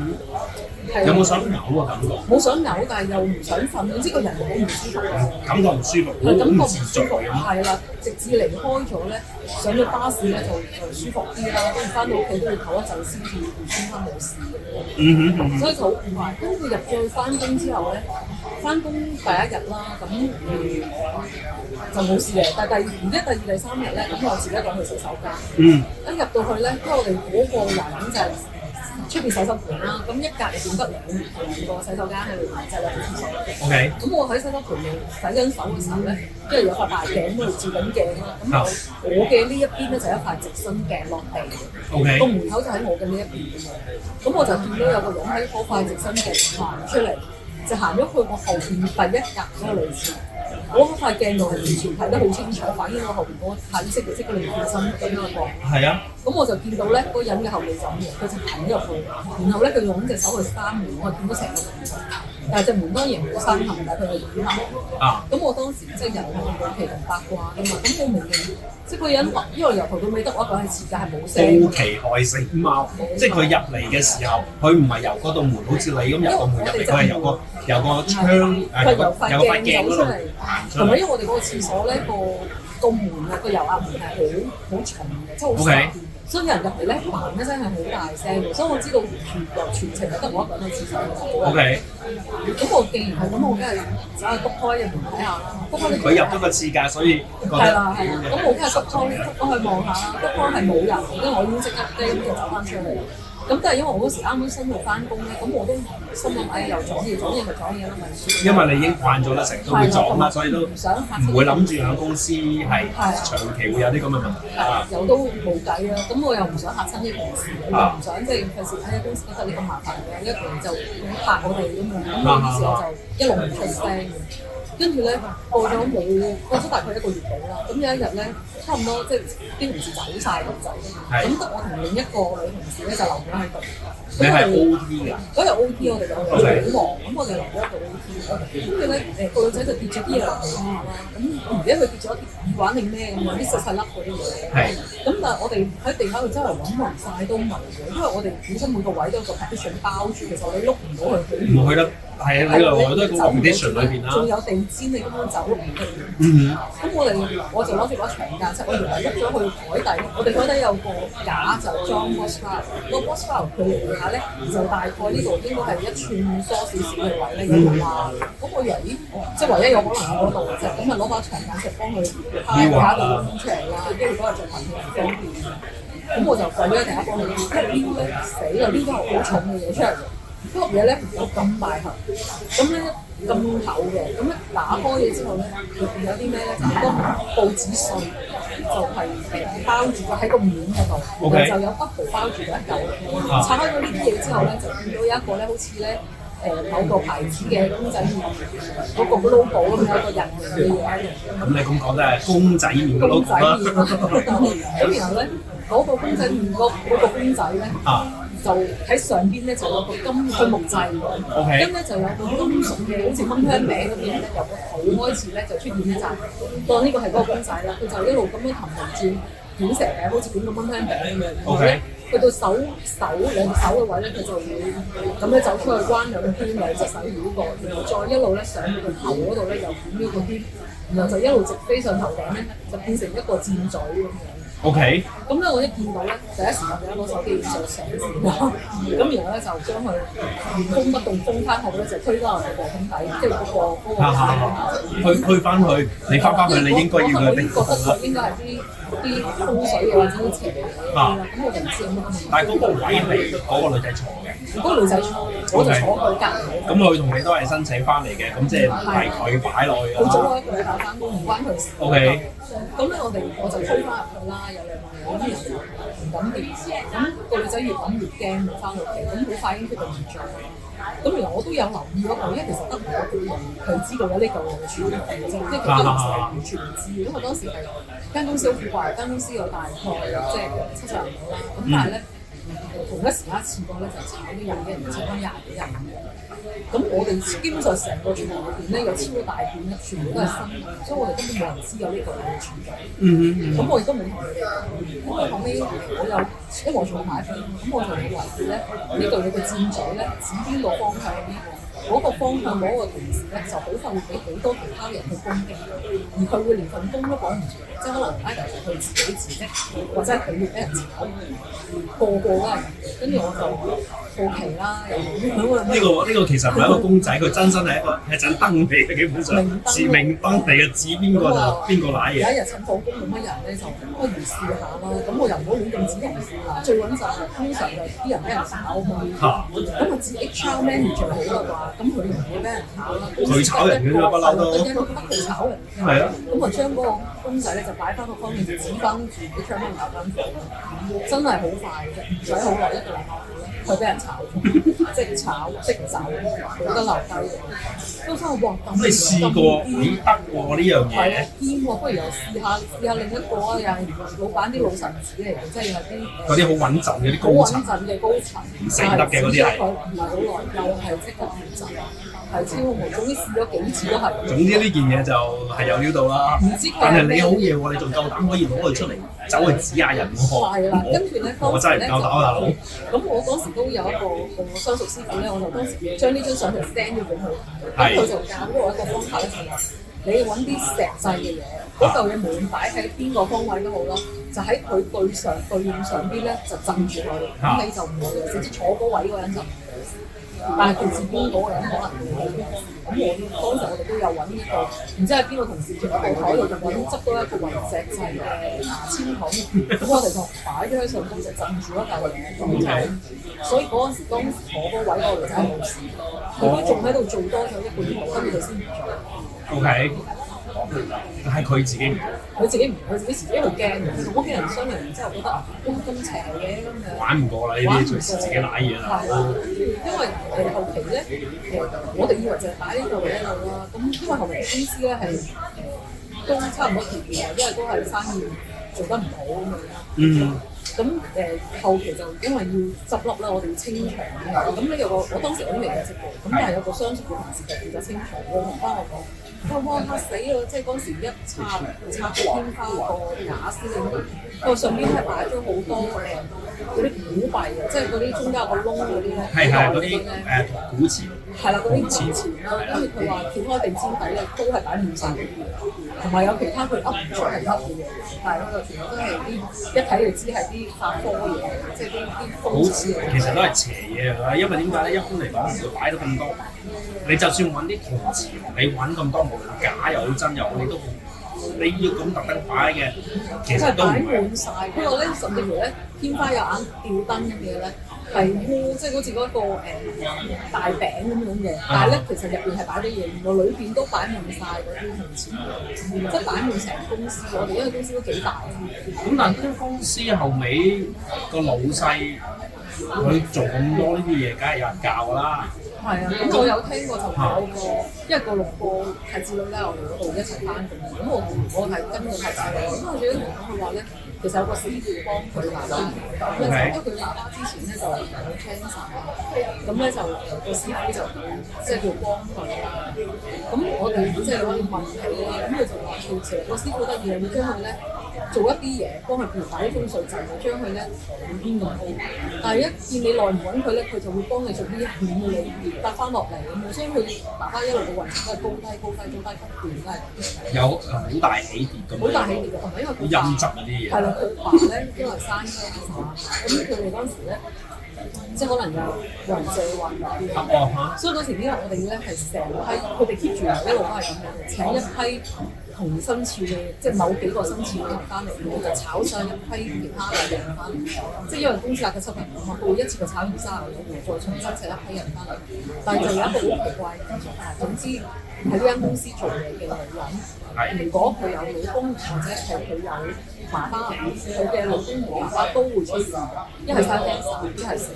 是有冇想嘔啊？感覺？冇想嘔，但係又唔想瞓，總之個人好唔舒，舒服。啊。感覺唔舒服，感好唔舒服。係啦了，直至離開咗咧，上咗巴士咧就舒服啲啦，跟住翻到屋企都要唞、mm hmm, mm hmm. 一陣先至先翻冇事。嗯哼。所以好煩。跟佢入咗去翻工之後咧，翻工第一日啦，咁就冇事嘅，但係第唔知第二第三日咧，咁、mm hmm. 我自己就去洗手間。嗯、mm。Hmm. 一入到去咧，因為我哋嗰個環境就係、是。出邊洗手盆啦，咁一隔離見得兩兩個洗手間喺度，就係洗手所嘅。咁 Okay. 我喺洗手盆度洗緊手嘅時候咧，因為有塊大鏡喺度照緊鏡啦，咁我嘅呢一邊咧就係一塊直身鏡落地，個門口就喺我嘅呢一邊嘅。咁我就見到有個人喺嗰塊直身鏡行出嚟，就行咗去我後邊第一格嗰、那個女士。嗰個塊鏡度係完全睇得好清楚，反映我後邊嗰個白衣色嘅嗰個人嘅身，咁樣個光。係啊，咁我就見到咧嗰個人嘅後面咁嘅，佢就睇入去，然後咧佢用隻手去閂門，我見到成個動作。但係隻門當然唔好閂得但係佢係掩得合。咁我當時即係由好奇同八卦嘅嘛，咁好明顯，即係個人因為由頭到尾得我一個人，自己係冇聲好奇害死貓，即係佢入嚟嘅時候，佢唔係由嗰道門，好似你咁入個門入，佢係由個由窗佢由個塊鏡走出嚟。同埋因為我哋嗰個廁所咧，個個門啊，個油壓門係好好重嘅，即係好沉，Okay. 所以人入嚟咧，嘭一聲係好大聲嘅，所以我知道全個全程就得我一個人喺廁所度 O K，咁我既然係咁，我梗係走去篤開入門睇下。篤開咧，佢入咗個廁格，所以係啦係啦，咁我梗係篤開篤開，去望下啦，篤開係冇人，所以我先即刻即刻走翻出嚟。咁都係因為我嗰時啱啱新去翻工咧，咁我都心諗，哎，又撞嘢，撞嘢咪撞嘢咯，咪。因為你已經慣咗得成，都會撞啦，的所以都唔想，唔會諗住喺公司係長期會有啲咁嘅問題。又對、啊、都冇計啦，咁我又唔想嚇親呢件事，啊、我唔想即係平時喺公司覺得你咁麻煩嘅，一停就嚇我哋咁樣，咁我啲同事就一路唔出聲。跟住咧過咗冇過咗大概一個月度啦，咁有一日咧差唔多即係啲同事走曬都走，咁得的我同另一個女同事咧就留咗喺度。你係 O T 嗰日 O T 我哋的、OK, 就好忙，咁 Okay. 我哋留咗一個 O T。跟住咧誒個女仔就跌咗啲嘢落去。下啦、啊，咁、嗯的嗯、我唔記得佢跌咗啲耳環定咩咁，或者細細粒嗰啲嘢。係。咁但係我哋喺地下度周圍揾唔晒都唔係嘅，因為我哋本身每個位都有個 position 包住，其實我哋碌唔到佢。冇去係啊，你來、嗯、我都講啲船裏仲有地氈，你根本走唔到，咁我哋，我就攞住把長間尺，我原係入咗去海底。我哋海底有個架就裝 Mossberg。個 Mossberg 佢底下咧就大概呢度應該係一寸多少少嘅位咧，已經話。嗰、啊那個人咦，即、就、係、是、唯一有可能喺嗰度嘅啫。咁啊攞把長間尺幫佢拉下就拎出嚟啦。如果係做文物，方便咁我就跪咗第一幫你拎。拎咗，死啦！拎咗好重嘅嘢出嚟。呢個嘢咧有咁大盒，咁咧咁厚嘅，咁一打開嘢之後咧，入邊有啲咩咧？好多報紙碎就係、是、包住咗喺個面嗰度，但係 Okay. 就有不牢包住咗一嚿。拆開咗呢啲嘢之後咧，就見到有一個咧，好似咧誒某個牌子嘅公仔麵，嗰、那個嗰 logo 咁樣一個人嘅嘢。咁你咁講咧，公仔麵。公仔麵。咁 然後咧，嗰、那個公仔麵角嗰個公仔咧。啊。就喺上邊咧就有個金嘅木製，金咧 Okay. 就有個金屬嘅，好似蚊香餅咁樣咧，由個口開始咧就出現一隻，當呢個係嗰個公仔啦，佢就一路咁樣騰騰轉，捲蛇餅好似捲個蚊香餅咁 Okay. 樣，然之後去到手手兩手嘅位咧，佢就會咁樣走出去彎兩個圈，兩隻手繞過，然後再一路咧上到個頭嗰度咧又捲咗個圈，然後就一路直飛上頭頂咧就變成一個箭嘴咁樣。O K，咁咧我一見到咧，第一時間就攞手機就上線啦，咁然後咧就將佢封不動封翻後咧就推翻去房頂底，即係嗰個嗰、嗰個推推翻去，你翻翻去， 你應該要佢冰封啦。我覺得應該係啲啲風水嘅之類啲嘢。啊，咁我就唔知啊。 但係嗰個位係嗰個女仔坐。 如果女仔坐，我就坐佢隔。咁佢同你都係申請翻嚟嘅，咁即係唔係佢擺落去。好早開佢打翻工，唔關佢事。O K。咁咧，我哋我就推翻入去啦，有兩萬有啲唔敢點。咁個女仔越講越驚，唔翻到嚟，咁好快已經決定唔做啦。咁 Okay. 原來我都有留意嗰個，因為其實得我佢知道有呢嚿黃柱，即係佢當時完全唔知。因為當時係間公司好古怪，間公司有大概，即係七層咁，但係咧。同一時間次過咧，就炒呢樣嘢，人，炒翻廿幾人。咁我哋基本上成個個場裏邊咧，有超大盤咧，全部都係新，所以我哋根本冇人知有呢個嘢存在。嗯嗯，咁我亦都冇同佢哋講。咁我後屘，我又因為我仲埋一張，咁我就以為咧，呢度嘅箭嘴咧，指邊個方向係邊嗰個方向，嗰、mm hmm。個同事咧，就好快會俾好多其他人去攻擊，而佢會連份工都講唔住，即係可能 either 佢自己辭職，或者係佢俾人炒。職，個個啊，跟住我就。好奇啦，呢個呢個其實唔係一個公仔，佢真身係一個係盞燈嚟嘅，基本上明燈嚟嘅指邊個就邊個瀨嘢。有一日趁早工冇乜人咧，就不如試下啦。咁我又唔好亂咁指人試啦，最穩陣通常就啲人俾人炒去，咁啊指 HR Manager 好啦啩？咁佢唔會俾人炒啦，佢炒人手腳都手都得，佢炒人。係啊，咁啊將嗰個公仔咧就擺翻個方面指翻住，一窗邊留間房，真係好快啫，唔使好耐一個禮拜佢俾人炒，即炒即走，好多留低嘅。都真係鑊底咁，你都未試過幾得喎呢樣嘢。堅喎，啊嗯、不如又試下試下另一個啊！又係老闆啲老臣子嚟嘅，即係有啲嗰啲好穩陣嘅啲高層，好穩陣嘅高層，唔死得嘅嗰啲嚟。好耐，又係即刻辭職。係超模，總之試咗幾次都係。總之呢件嘢就係有料到啦。唔知但係你好嘢喎，你仲夠膽可以攞佢出嚟走去指下人。係啦，跟住咧我真係唔夠膽。咁我當時都有一個相熟師傅咧，我就當時將呢張相片 send 咗俾佢，咁佢就教我一個方法咧，就話：你揾啲石製嘅嘢，嗰嚿嘢無論擺喺邊個方位都好咯，就喺佢對上對面上邊咧就鎮住佢，咁你就唔好嘅，直接坐嗰位嗰人就。唔好。但係佢自己嗰個人可能唔係咁多，咁我當時我哋都有揾呢個，唔知係邊個同事坐喺台度就揾執到一個雲石，砌嘅牙籤筒，咁 我哋就擺咗喺上邊，那，石，個，就唔少咗架嘢，就 Okay. 所以嗰陣時當坐嗰位嗰，那個女仔冇事，佢都仲喺度做多咗一半，鐘，跟住佢先唔做。O K。嗯、但佢自己唔，佢自己唔，佢自己自己好驚嘅。同屋企人商量完之後覺得啊，哇咁邪嘅，咁樣玩唔過啦。隨時自己打嘢啦。係，因為誒後期咧，我哋以為就係打呢度嘅一路啦。咁因為後期公司咧係都差唔多停業，因為都係生意做得唔好咁樣啦，咁誒、嗯呃、後期就因為要執笠啦，我哋要清場咁樣，咁咧有個，我當時我都未入職嘅，咁但係有個相熟嘅同事就負責清場，我同返我講，哇嚇死啊、 那個，即係嗰時一插，插開天花個瓦先，嗰上邊係擺咗好多誒嗰啲古幣啊，即係嗰啲中間有的個窿嗰啲咧，係係嗰啲古錢，係啦嗰啲古錢啦，跟住佢話撬開定先底咧，都係擺滿晒。唔係有其他，佢噏唔出其他嘅嘢，係嗰度全部都係啲一睇對就知係啲化科嘢，即係啲啲風水。其實都係邪嘢啦，因為點解咧？一般嚟講唔會擺到咁多。你就算揾啲銅錢，你揾咁多，無論假又好真又好，你都你要咁特登擺嘅，其實都唔會擺滿曬。不過咧，甚至乎咧，天花有眼吊燈咁嘅咧。係，ranch, 即係好似嗰個、欸、大餅咁樣嘅，但係咧，其實入邊係擺啲嘢，我裏邊都擺滿晒嗰啲銅錢，即係擺滿成公司。我哋因為公司都幾大。咁、嗯、但係呢啲公司後尾個老細佢做咁多呢啲嘢，梗係有人教㗎啦。係啊，咁為我有聽過就話有個一個六個係接到咧，register, 我哋嗰度一齊班咁，我我係跟佢學。咁我記得佢話咧？其實有個師傅幫佢媽媽，因為佢媽媽之前咧就有 cancer，咁咧就個師傅就會即係叫幫佢啦。咁我哋即係可以問佢咧，咁佢就話：小姐，個師傅得意唔得去咧？做一啲嘢幫佢調大啲風水，就係將佢咧調偏咁樣。但係一見你耐唔揾佢咧，佢就會幫你做啲遠嘅嘢搭翻落嚟咁。所以佢啲大家一路嘅運勢都係高低高低高低不斷，都係有好大起跌咁。好大起跌㗎有，因為好陰質啲嘢。係咯，佢塊咧因係山區啊嘛。咁佢哋嗰陣時咧，即係可能又運勢滑落啲。咁 所以嗰時啲人我哋咧係成批，佢哋 keep 住喺度都係請一批。同新處嘅即係某幾個新處嘅人翻嚟，我就炒上一批其他嘅人翻嚟， 即係因為公司那個抽成唔同啊，佢一次就炒完三啊，我會再重新請一批人翻嚟。但係就有一個好奇怪。但係總之喺呢間公司做嘢嘅女人，如果佢有老公或者係佢有爸爸、佢嘅老公同爸爸都會出事，一係生仔，一係死。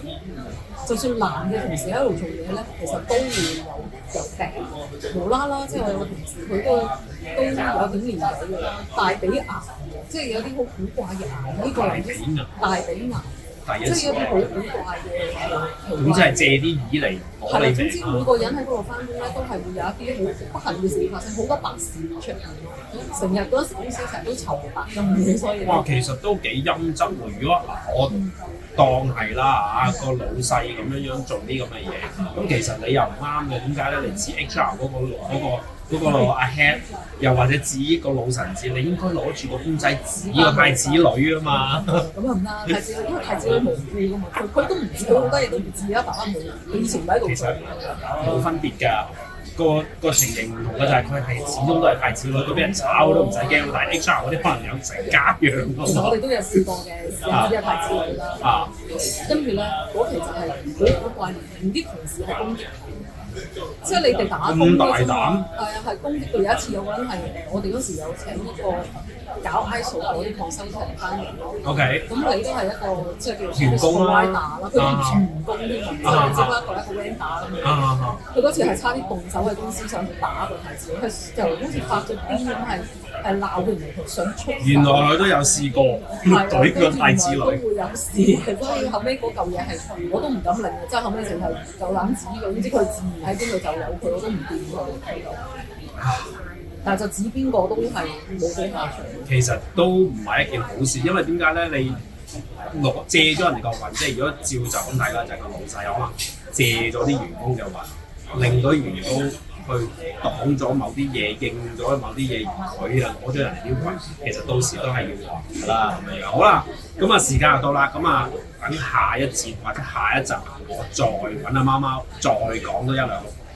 就算男嘅同時一路做嘢咧，其實都會有。有病喎，無啦啦，即係我同事佢都都有啲年紀嘅，大髀癌，即係有啲好古怪嘅、哦、癌，呢個嚟嘅，大髀癌，即係有啲好古怪嘅嘢。總之係借啲耳嚟攞你名。係啦，總之每個人喺嗰度翻工咧，都係會有一啲好不幸嘅事發生，好多白事出緊咯，成日嗰啲同事成日都愁白陰嘅，所以哇，其實都幾陰質喎。如果、啊、我當係啦嚇，的個老細咁樣樣做啲咁嘅嘢，咁的其實你又唔啱嘅。點解咧？你指 HR 嗰、嗰個、嗰、嗰、阿、個嗰個、的 Head，又或者指個老臣子，的你應該攞住個公仔指個太子女啊嘛。咁啊唔啱，太 子女因為太子女無知嘅嘛，佢都唔知道好多嘢，都唔知啊，爸爸母佢以前唔喺度。其實冇分別㗎。個個情形唔同嘅就係佢係始終都係太子女，都俾人炒都唔使驚。 但係 HR 嗰啲可能有成家樣㗎。我哋都有試過嘅，啲太子女啦。 跟住咧嗰期就係嗰嗰個概念，唔啲 同事係攻擊，即係 你哋打風。咁大膽？係啊，係攻擊佢。有一次有個人係我哋嗰時有請一個。搞 ISO 啲抗生抗嚟素，OK，咁你都係一個即係叫員工打啦，佢都唔算員工啲人，即只不係一個一個 vendor 咁樣，佢嗰次係差啲動手嘅公司上去打個太子，佢就好似發咗癲咁係係鬧佢，想衝。原來都有試過懟對個太子女。都會有事，所以後尾嗰嚿嘢係我都唔敢拎，即係後尾成頭夠膽子，己，唔知佢自然，喺邊度就有佢，我都唔掂佢喺度。但係就指邊個都係冇好下場。其實都唔係一件好事，因為點解咧？你攞借咗人哋個運，即係如果照就咁睇啦，就係、是、個老細可能借咗啲員工嘅運，令到啲員工去擋咗某啲嘢，應咗某啲嘢而佢啊攞咗人哋啲運，其實到時都係要還噶啦咁樣。好啦，咁啊時間又到啦，咁啊等下一節或者下一集我再揾阿貓貓再講多一兩個。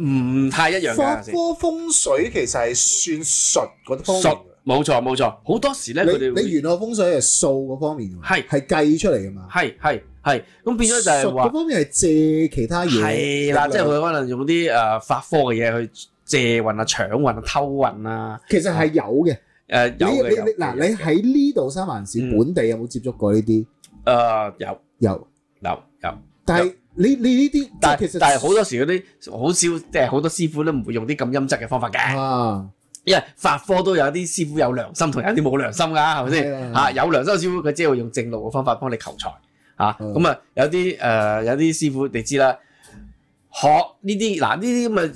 唔太一樣㗎先。發科風水其實係算術嗰方面。術，冇錯冇錯。好多時咧，佢哋你你原來風水係數嗰方面。係係計出嚟㗎嘛。係係係。咁變咗就係話嗰方面係借其他嘢。係啦，即係佢可能用啲誒發科嘅嘢去借運啊、搶運啊、偷運啊。其實係有嘅。誒有嘅有。嗱，你喺呢度三藩市本地有冇接觸過呢啲？誒有有有有。但你你呢啲，但係其實，但係好多時嗰啲好少，即誒好多師傅都唔會用啲咁陰質嘅方法嘅，因為法科都有啲師傅有良心，同有啲冇良心噶，係咪先？嚇有良心，有良心，有良心師傅佢即係會用正路嘅方法幫你求財，嚇咁啊有啲誒、呃、有啲師傅你知啦，學呢啲嗱呢啲咁啊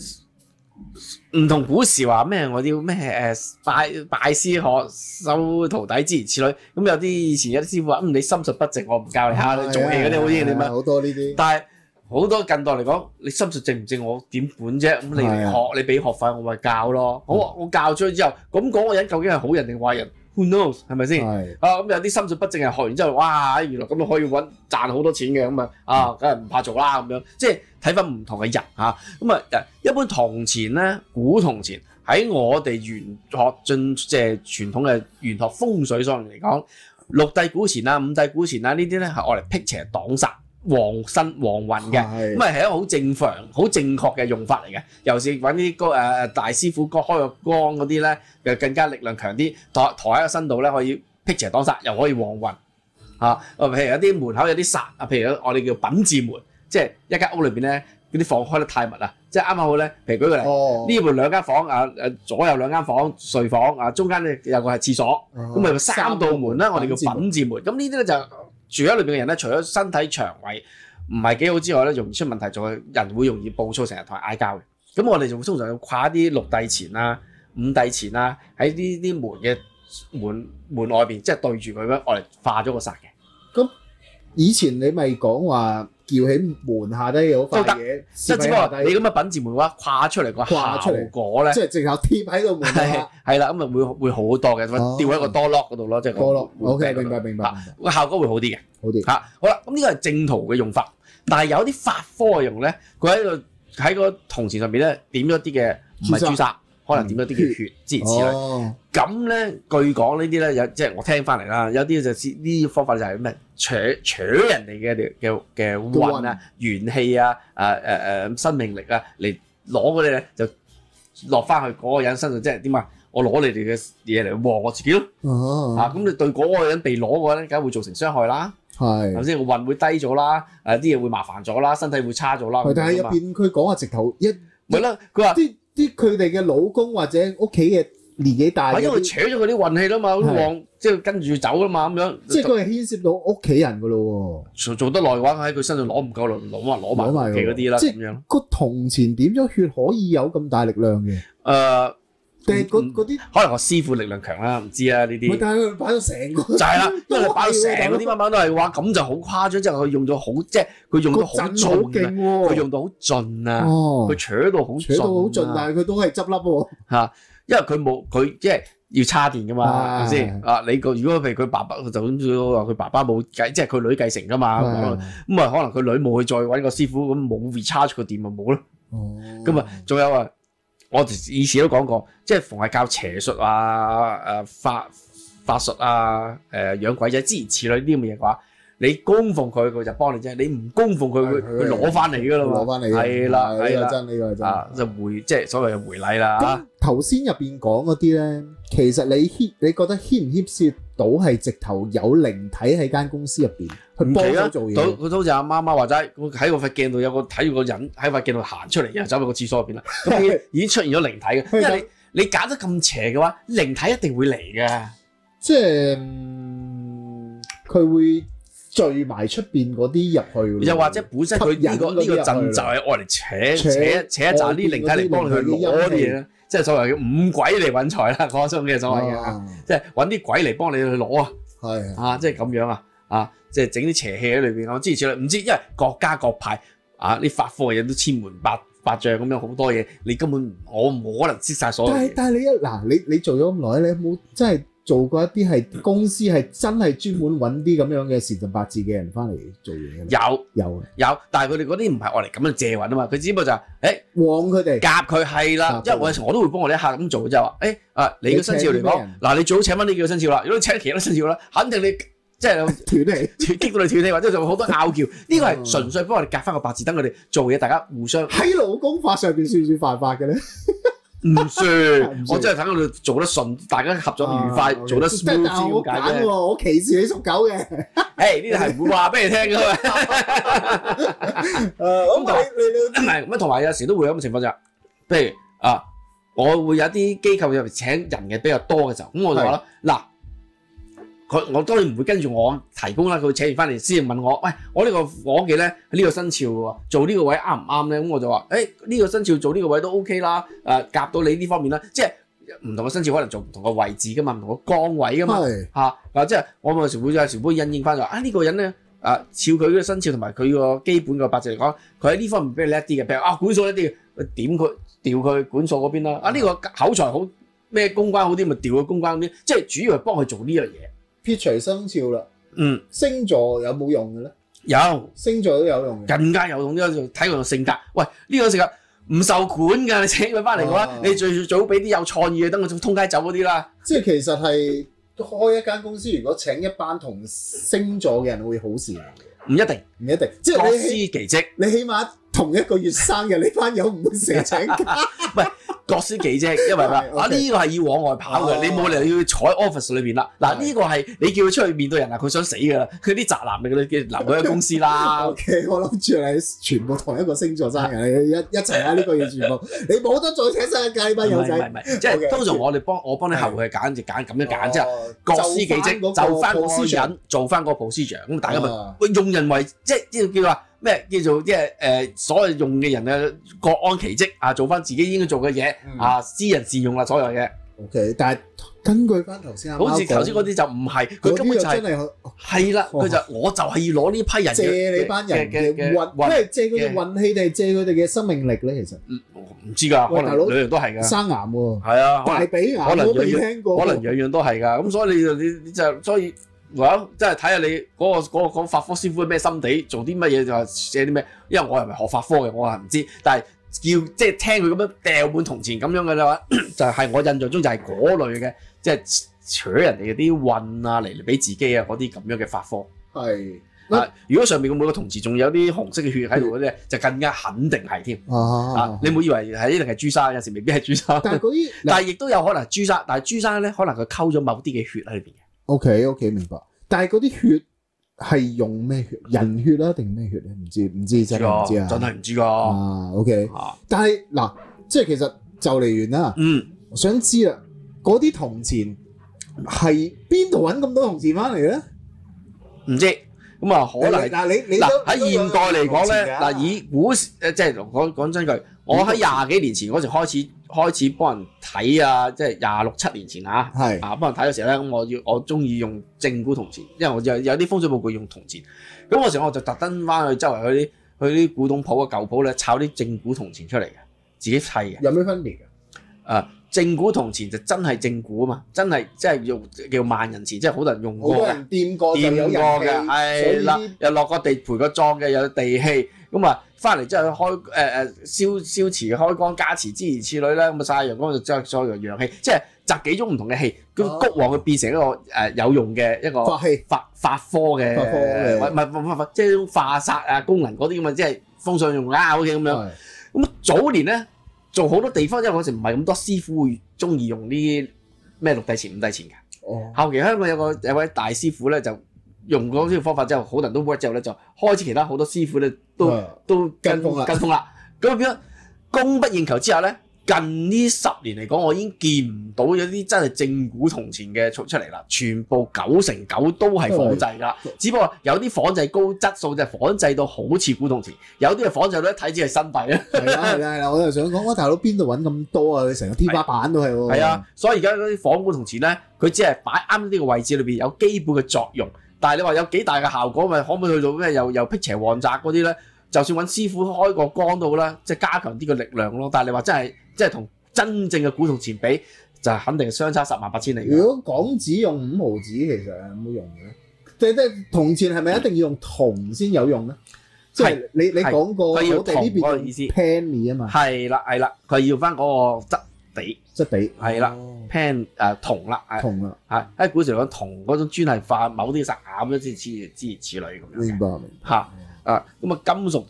唔同古時話咩？我要咩誒拜拜師學收徒弟之如此類，咁有啲以前有啲師傅話：嗯你心術不正，我唔教你下，你做戲嗰啲好似點好多呢啲，但係。好多近代嚟講，你心術正唔正，我點管啫？咁你嚟學，的你俾學費，我咪教咯。好，我教出去之後，咁嗰個人究竟係好人定壞人？Who knows？係咪先？的啊，咁、嗯、有啲心術不正嘅學完之後，哇！原來咁都可以揾賺好多錢嘅，咁啊啊，梗係唔怕做啦咁樣。即係睇翻唔同嘅人嚇，咁啊，一般銅錢咧，古銅錢喺我哋玄學進即係傳統嘅玄學風水上嚟講，六帝古錢啊、五帝古錢啊呢啲咧係愛嚟辟邪擋煞。旺身旺運嘅，咁係係一個好正常、好正確嘅用法嚟嘅。尤其是搵啲哥誒大師傅哥開個光嗰啲咧，就更加力量強啲，抬抬喺個身度咧，可以辟邪擋煞，又可以旺運嚇。啊、譬如有啲門口有啲煞啊，譬如我哋叫品字門，即係一間屋裏邊咧，嗰啲房開得太密啦，即係啱啱好咧。譬如舉個例，呢度、哦、兩間房啊，左右兩間房睡房啊，中間咧有個係廁所，咁咪、哦、三道門啦。門門我哋叫品字門，咁呢啲咧就是。住喺裏邊嘅人咧，除咗身體腸胃唔係幾好之外咧，容易出問題，就係人會容易暴躁，成日同人嗌交嘅。咁我哋就仲通常會掛啲六帝錢啊、五帝錢啊，喺呢啲門嘅門門，門外邊，即係對住佢咁，用嚟化咗個煞嘅。咁以前你咪講話。叫喺門下啲好快嘢，即係只不過你咁嘅品字門話跨出嚟個效果咧，即係淨係貼喺個門唔係。係啦，咁啊會會好多嘅，咁掉喺個多 lock 嗰度咯，即係多 lock。O K，明白明白，個效果會好啲嘅，好啲吓。好啦，咁呢個係正途嘅用法，但係有啲法科嘅用咧，佢喺度喺個銅錢上邊咧點咗啲嘅，唔係朱砂。可能點咗啲嘅血之如此類，咁、哦、咧據講呢啲咧有即係我聽翻嚟啦，有啲就呢啲方法就係咩，搶搶人哋嘅嘅嘅運啊、元氣啊、誒誒誒生命力啊，嚟攞嗰啲咧就落翻去嗰個人身上，即係點啊？我攞你哋嘅嘢嚟旺我自己咯，嚇、哦啊！咁你對嗰個人被攞嘅話咧，梗係會造成傷害啦，係頭先個運會低咗啦，誒啲嘢會麻煩咗啦，身體會差咗啦。但喺入邊佢講係直頭一唔係啦，佢話。啲佢哋嘅老公或者屋企嘅年紀大，因為扯咗佢啲運氣啦嘛，都往即係跟住走啦嘛，咁樣。即係佢係牽涉到屋企人噶咯喎。做得耐嘅話，喺佢身上攞唔夠啦，攞埋攞埋嗰啲啦，些即係是咁樣。個銅錢點咗血可以有咁大力量嘅？誒、呃。但係嗰啲，可能我師傅力量強啦，唔知啊呢啲。但係佢擺到成個就係啦，因為佢擺到成個啲畫板都係哇，咁就好誇張，即係佢用咗好即係佢用到好勁喎，佢用到好盡啊，佢扯到好盡，但係佢都係執笠喎。因為佢冇佢即係要叉電噶嘛，先啊？你個如果譬如佢爸爸就咁樣話，佢爸爸冇計，即係佢女繼承噶嘛咁啊？可能佢女冇去再揾個師傅，咁冇 recharge 個電咪冇咯。哦，咁啊，仲有啊。我以前都講過，即係逢係教邪術啊、誒、啊、法法術啊、誒、啊、養鬼仔諸如此類呢啲咁嘅嘢嘅話，你供奉佢，佢就幫你啫；你唔供奉佢，佢攞翻嚟噶啦，攞翻嚟。係啦，係啦，呢個真，呢個真，就回即係所謂嘅回禮啦嚇。頭先入邊講嗰啲咧，其實你牽，你覺得牽唔牽涉？都係直頭有靈體喺間公司入邊去幫手做嘢。都好似阿媽媽或者喺個塊鏡度有個睇住個人喺塊鏡度行出嚟，又走入個廁所入邊啦。咁佢已經出現咗靈體嘅，的因為你你搞得咁邪嘅話，靈體一定會嚟嘅、嗯。即係佢會聚埋出邊嗰啲入去。又或者本身佢如果呢個陣就係我嚟扯扯扯,扯一扎啲靈體嚟幫你去攞啲嘢即係所謂五鬼嚟揾財啦，講真嘅所謂嘅，啊、即係揾啲鬼嚟幫你去攞的啊，啊即係咁樣啊，啊即係整啲邪氣喺裏邊。諸如此類啦，唔知，因為各家各派啊，啲發貨嘅嘢都千門百百障咁樣，好多嘢，你根本我唔可能知晒所有。但係你一嗱，你你做咗咁耐，你有冇即係？做過一啲係公司係真係專門揾啲咁樣嘅時辰八字嘅人翻嚟做嘢，有有有，但係佢哋嗰啲唔係愛嚟咁樣借運啊嘛，佢只不過就係誒旺佢哋夾佢係啦，因為有時我都會幫我哋一下咁做，就係話誒啊，你嘅生肖嚟講，嗱你最好請翻呢幾個生肖啦，如果你請其他生肖啦，肯定你即係斷氣，激到你斷氣或者就好多拗撬，呢個係純粹幫我哋夾翻個八字，等佢哋做嘢，大家互相喺勞工法上邊算唔算犯法嘅咧？唔算、嗯，我真係睇到你做得順，大家合作愉快，啊、做得 smooth 我，我歧視你屬狗嘅。誒，呢啲係唔會話俾你聽噶嘛。咁同咁同埋有時都會有咁嘅情況就，譬如啊，我會有啲機構入面請人嘅比較多嘅時候，咁我就話咯，嗱是。佢我當然唔會跟住我提供啦，佢請完翻嚟先問我，喂，我個伙呢、這個夥計咧呢個生肖做呢個位啱唔啱咧？咁我就話，誒、欸、呢、這個生肖做呢個位都 OK 啦，誒、呃、夾到你呢方面啦，即係唔同嘅生肖可能做唔同嘅位置噶嘛，唔同嘅崗位噶嘛，嚇嗱是、啊，即係我咪全部即係全部印證翻話，啊呢、這個人咧誒、啊，照佢嘅生肖同埋佢個基本嘅八字嚟講，佢喺呢方面你比你叻啲嘅，譬如啊管數叻啲，點佢調佢管數嗰邊啦，嗯、啊呢、這個口才好咩公關好啲，咪調佢公關啲，即係主要係幫佢做呢樣嘢。撇除生肖啦，嗯，星座有冇用嘅咧？有，星座都有用，嘅，更加有用呢個就睇佢個性格。喂，呢、這個性格唔受管㗎，你請佢翻嚟嘅話，啊、你最早好俾啲有創意嘅，等我通街走嗰啲啦。即係其實係開一間公司，如果請一班同星座嘅人，會好蝕。唔一定，唔一定，一定即係各司其職。你起碼。同一個月生日，你班友唔會成日請假，唔係各司其職，因為話呢個係要往外跑嘅，你冇理由要坐喺 office 裏邊啦。嗱呢個係你叫佢出去面對人啊，佢想死噶啦，佢啲宅男嚟嘅啦，留喺公司啦。O K，我諗住你全部同一個星座生日一一齊啊，呢個月全部，你冇得再請生日假呢班友仔。係唔即係通常我哋幫我幫你客去揀就揀咁樣揀啫，各司其職，就翻個司長，做翻個部司長咁，大家咪用人為，即係叫叫話。咩叫做即係誒？所有用嘅人嘅各安其職啊，做翻自己應該做嘅嘢啊，私人自用啦，所有嘢。O K，但係根據翻頭先好似頭先嗰啲就唔係，佢根本就係係啦，佢就我就係要攞呢批人，借你班人嘅嘅運，即係借佢哋運氣定係借佢哋嘅生命力咧，其實唔知㗎，可能兩樣都係㗎，生癌喎，係啊，大髀癌我都未聽過，可能樣樣都係㗎，咁所以你就你就所以。嗱，真係睇下你嗰個嗰法科師傅咩心地，做啲乜嘢就寫啲咩。因為我又唔係學法科嘅，我係唔知。但係叫即係、就是、聽佢咁樣掉滿銅錢咁樣嘅咧，話就係、是、我印象中就係嗰類嘅，即係取人哋嗰啲運啊嚟嚟俾自己啊嗰啲咁樣嘅法科。係是啊，如果上面嘅每個銅錢仲有啲紅色嘅血喺度嗰啲就更加肯定係添、啊啊啊。你唔好以為係一定係朱砂，有時未必係朱砂。但係亦都有可能係朱砂，但係朱砂咧，可能佢溝咗某啲嘅血喺裏邊。O K O K 明白，但係嗰啲血係用咩血？人血啊，定咩血咧？唔知唔知真係唔知，知，知啊！真係唔知㗎。啊 O K，但係嗱，即係其實就嚟完啦。嗯，我想知啊，嗰啲銅錢係邊度揾咁多銅錢返嚟咧？唔知咁啊，可能但嗱你、啊、你都也喺現代嚟、啊、講咧，嗱以古誒即係講講真句。我喺廿幾年前嗰時開始開始幫人睇啊，即係廿六七年前是啊，係啊幫人睇嗰時咧，咁我要我中意用正古銅錢，因為我有有啲風水佈局用銅錢，咁嗰時我就特登翻去周圍嗰啲嗰啲古董鋪嘅舊鋪咧，炒啲正古銅錢出嚟嘅，自己砌嘅。有咩分別㗎？誒、呃，正古銅錢就真係正古啊嘛，真係即係用叫萬人錢，即係好多人用過好多人掂過掂過嘅，係、哎、啦，有落以過地盤，陪過葬嘅，有地氣。咁啊，翻嚟之後開誒誒消消磁開光加持之類次類咧，咁啊晒陽光就再再陽陽氣，即係集幾種唔同嘅氣，佢谷旺佢變成一個誒有用嘅一個發氣發發科嘅，唔係唔唔唔，即係化煞啊功能嗰啲，咁啊，即係風上用啦 OK 咁樣。咁對早年咧，做好多地方，因為嗰時唔係咁多師傅會中意用啲咩六帝錢五帝錢嘅。哦對，後期香港有個有位大師傅咧就。用過呢個方法之後，好多人都 work 之後咧，就開始其他好多師傅咧都都跟風啦。咁變咗供不應求之下咧，近呢十年嚟講，我已經見唔到有啲真係正古銅錢嘅出出嚟啦。全部九成九都係仿製㗎，的只不過有啲仿製高質素，就係仿製到好似古銅錢；有啲嘅仿製到一睇就係新幣啦。係啊係啊，我就想講啊，大佬邊度揾咁多啊？成個天花板都係喎。係啊，所以而家嗰啲仿古銅錢咧，佢只係擺啱呢個位置裏邊有基本嘅作用。但係你話有幾大嘅效果，咪可唔可以去做咩又又辟邪旺，旺宅嗰啲咧？就算揾師傅開個光度啦，即係加強啲個力量咯。但係你話真係，即係同真正嘅古銅錢比，就肯定相差十萬八千里。如果港紙用五毫紙，其實係冇用嘅。即係即係銅錢係咪一定要用銅先有用咧？即係、嗯、你是你講過我哋呢邊嘅 penny 啊嘛。係啦係啦，佢要翻嗰個質地質地係啦。哦哦偏誒銅啦，銅啦了，喺古時嚟講銅嗰種專係化某啲石岩咗，之之之如此類咁樣。明白。嚇、就是，啊，咁啊金屬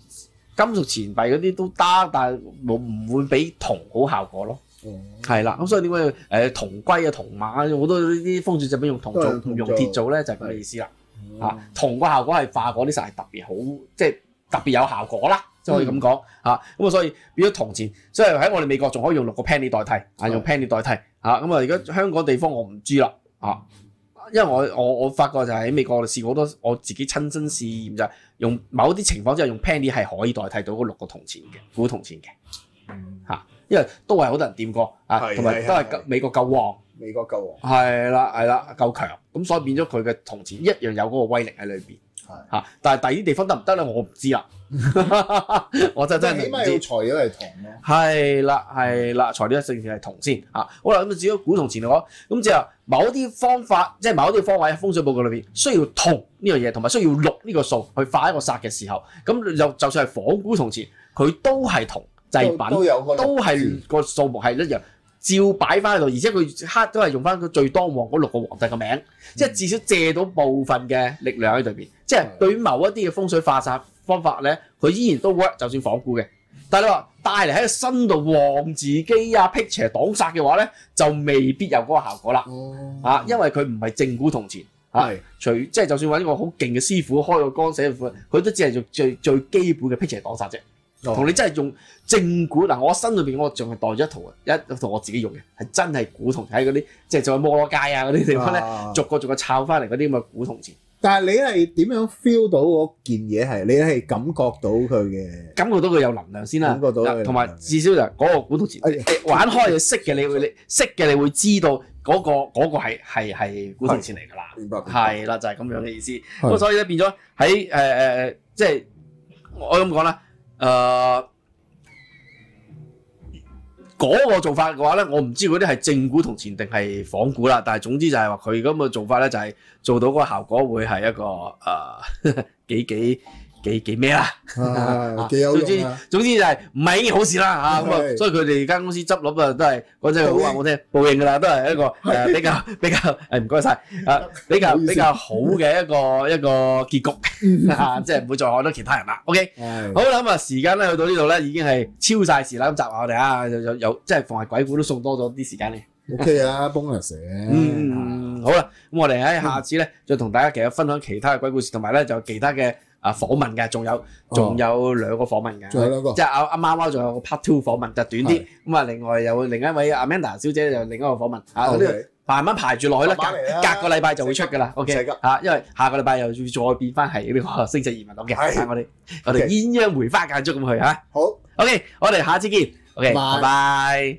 金屬錢幣嗰啲都得，但係冇唔會比銅好效果咯。哦。係啦，咁所以點解誒銅龜啊銅馬用好多呢啲風水製品用銅做唔用鐵做咧，就係咁嘅意思啦。嚇，銅個效果係化嗰啲石係特別好，即係特別有效果啦。即可以咁講嚇，咁啊所以變咗銅錢，所以喺我哋美國仲可以用六個 penny 代替，啊用 penny 代替嚇，咁啊而家香港地方我唔知啦嚇、啊，因為我我我發覺就係喺美國我哋試過好多，我自己親身試驗就係用某啲情況之下，用 penny 係可以代替到六個銅錢嘅古銅錢嘅嚇、啊，因為都係好多人掂過啊，同埋都係美國夠旺，美國夠旺，係啦係啦夠強，咁所以變咗佢嘅銅錢一樣有嗰個威力喺裏邊嚇，但係第二啲地方得唔得咧？我唔知啦。 我就真係的，起碼材料係銅咯。係啦，係啦，材料一正正係銅先嚇。好啦，咁至於古銅錢嚟講，咁之後某啲方法，即、就、係、是、某一啲方位，風水布局裏邊需要銅呢樣嘢，同埋需要六呢個數去化一個煞嘅時候，咁就就算係仿古銅錢，佢都係銅製品，有都有嘅，都係個數目係一樣，照擺翻喺度，而且佢刻都係用翻佢最當旺嗰六個皇帝嘅名，嗯、即係至少借到部分嘅力量喺裏邊。即係、嗯、對於某一啲嘅風水化煞。方法咧，佢依然都 work，就算仿古嘅。但係你話帶嚟喺個身度旺自己啊、辟邪擋煞嘅話咧，就未必有嗰個效果啦。嚇、啊，因為佢唔係正古銅錢，係、啊、除即係就算揾個好勁嘅師傅開個光寫個符，佢都只係做最最基本嘅辟邪擋煞啫。同你真係用正古嗱、啊，我身裏邊我仲係戴咗一套，一套我自己用嘅，係真係古銅錢嗰啲，即係就係、係、摩羅街啊嗰啲地方咧，啊、逐個逐個抄翻嚟嗰啲咁嘅古銅錢。但係你係點樣 feel 到嗰件嘢係？你係感覺到佢嘅？感覺到佢有能量先啦、啊。感覺到同埋、啊、有至少就嗰個古董錢，哎呀欸、玩開就識嘅， 你會你識嘅，你會知道嗰、那個嗰、那個係古董錢嚟㗎啦。明白。係啦，就係、是、咁樣嘅意思。咁的所以咧變咗喺誒誒，即係我咁講啦，誒、呃。嗰個做法嘅話咧，我唔知嗰啲係正古同前定係仿古啦，但係總之就係話佢咁嘅做法咧，就係做到嗰個效果會係一個誒、呃、 幾幾。幾幾咩啦？係，總之總之就係唔係一件好事啦吓咁啊！所以佢哋間公司執笠啊，都係講真句好話，好聽報應噶啦，都係一個誒比較比較誒唔該晒啊，比較比較好嘅一個一個結局啊，即係唔會再害到其他人啦。OK，好啦咁啊，時間咧去到呢度咧，已經係超晒時啦咁集埋我哋啊，有有即係逢係鬼故都送多咗啲時間嚟。OK 啊，Bonus。嗯，好啦，咁我哋喺下次咧，再同大家其實分享其他嘅鬼故事，同埋咧就其他嘅。啊訪問嘅，仲有仲有兩個訪問嘅，仲有兩個，即係阿阿貓貓仲有個 part two 訪問，就短啲。咁啊，另外有另一位 Amanda 小姐就另一個訪問。嚇，慢慢排住落去啦，隔隔個禮拜就會出噶啦。O K，嚇，因為下個禮拜又要再變翻係呢個星際移民咁嘅。係我哋我哋鴛鴦梅花間竹咁去嚇。好，O K，我哋下次見。O K，拜拜。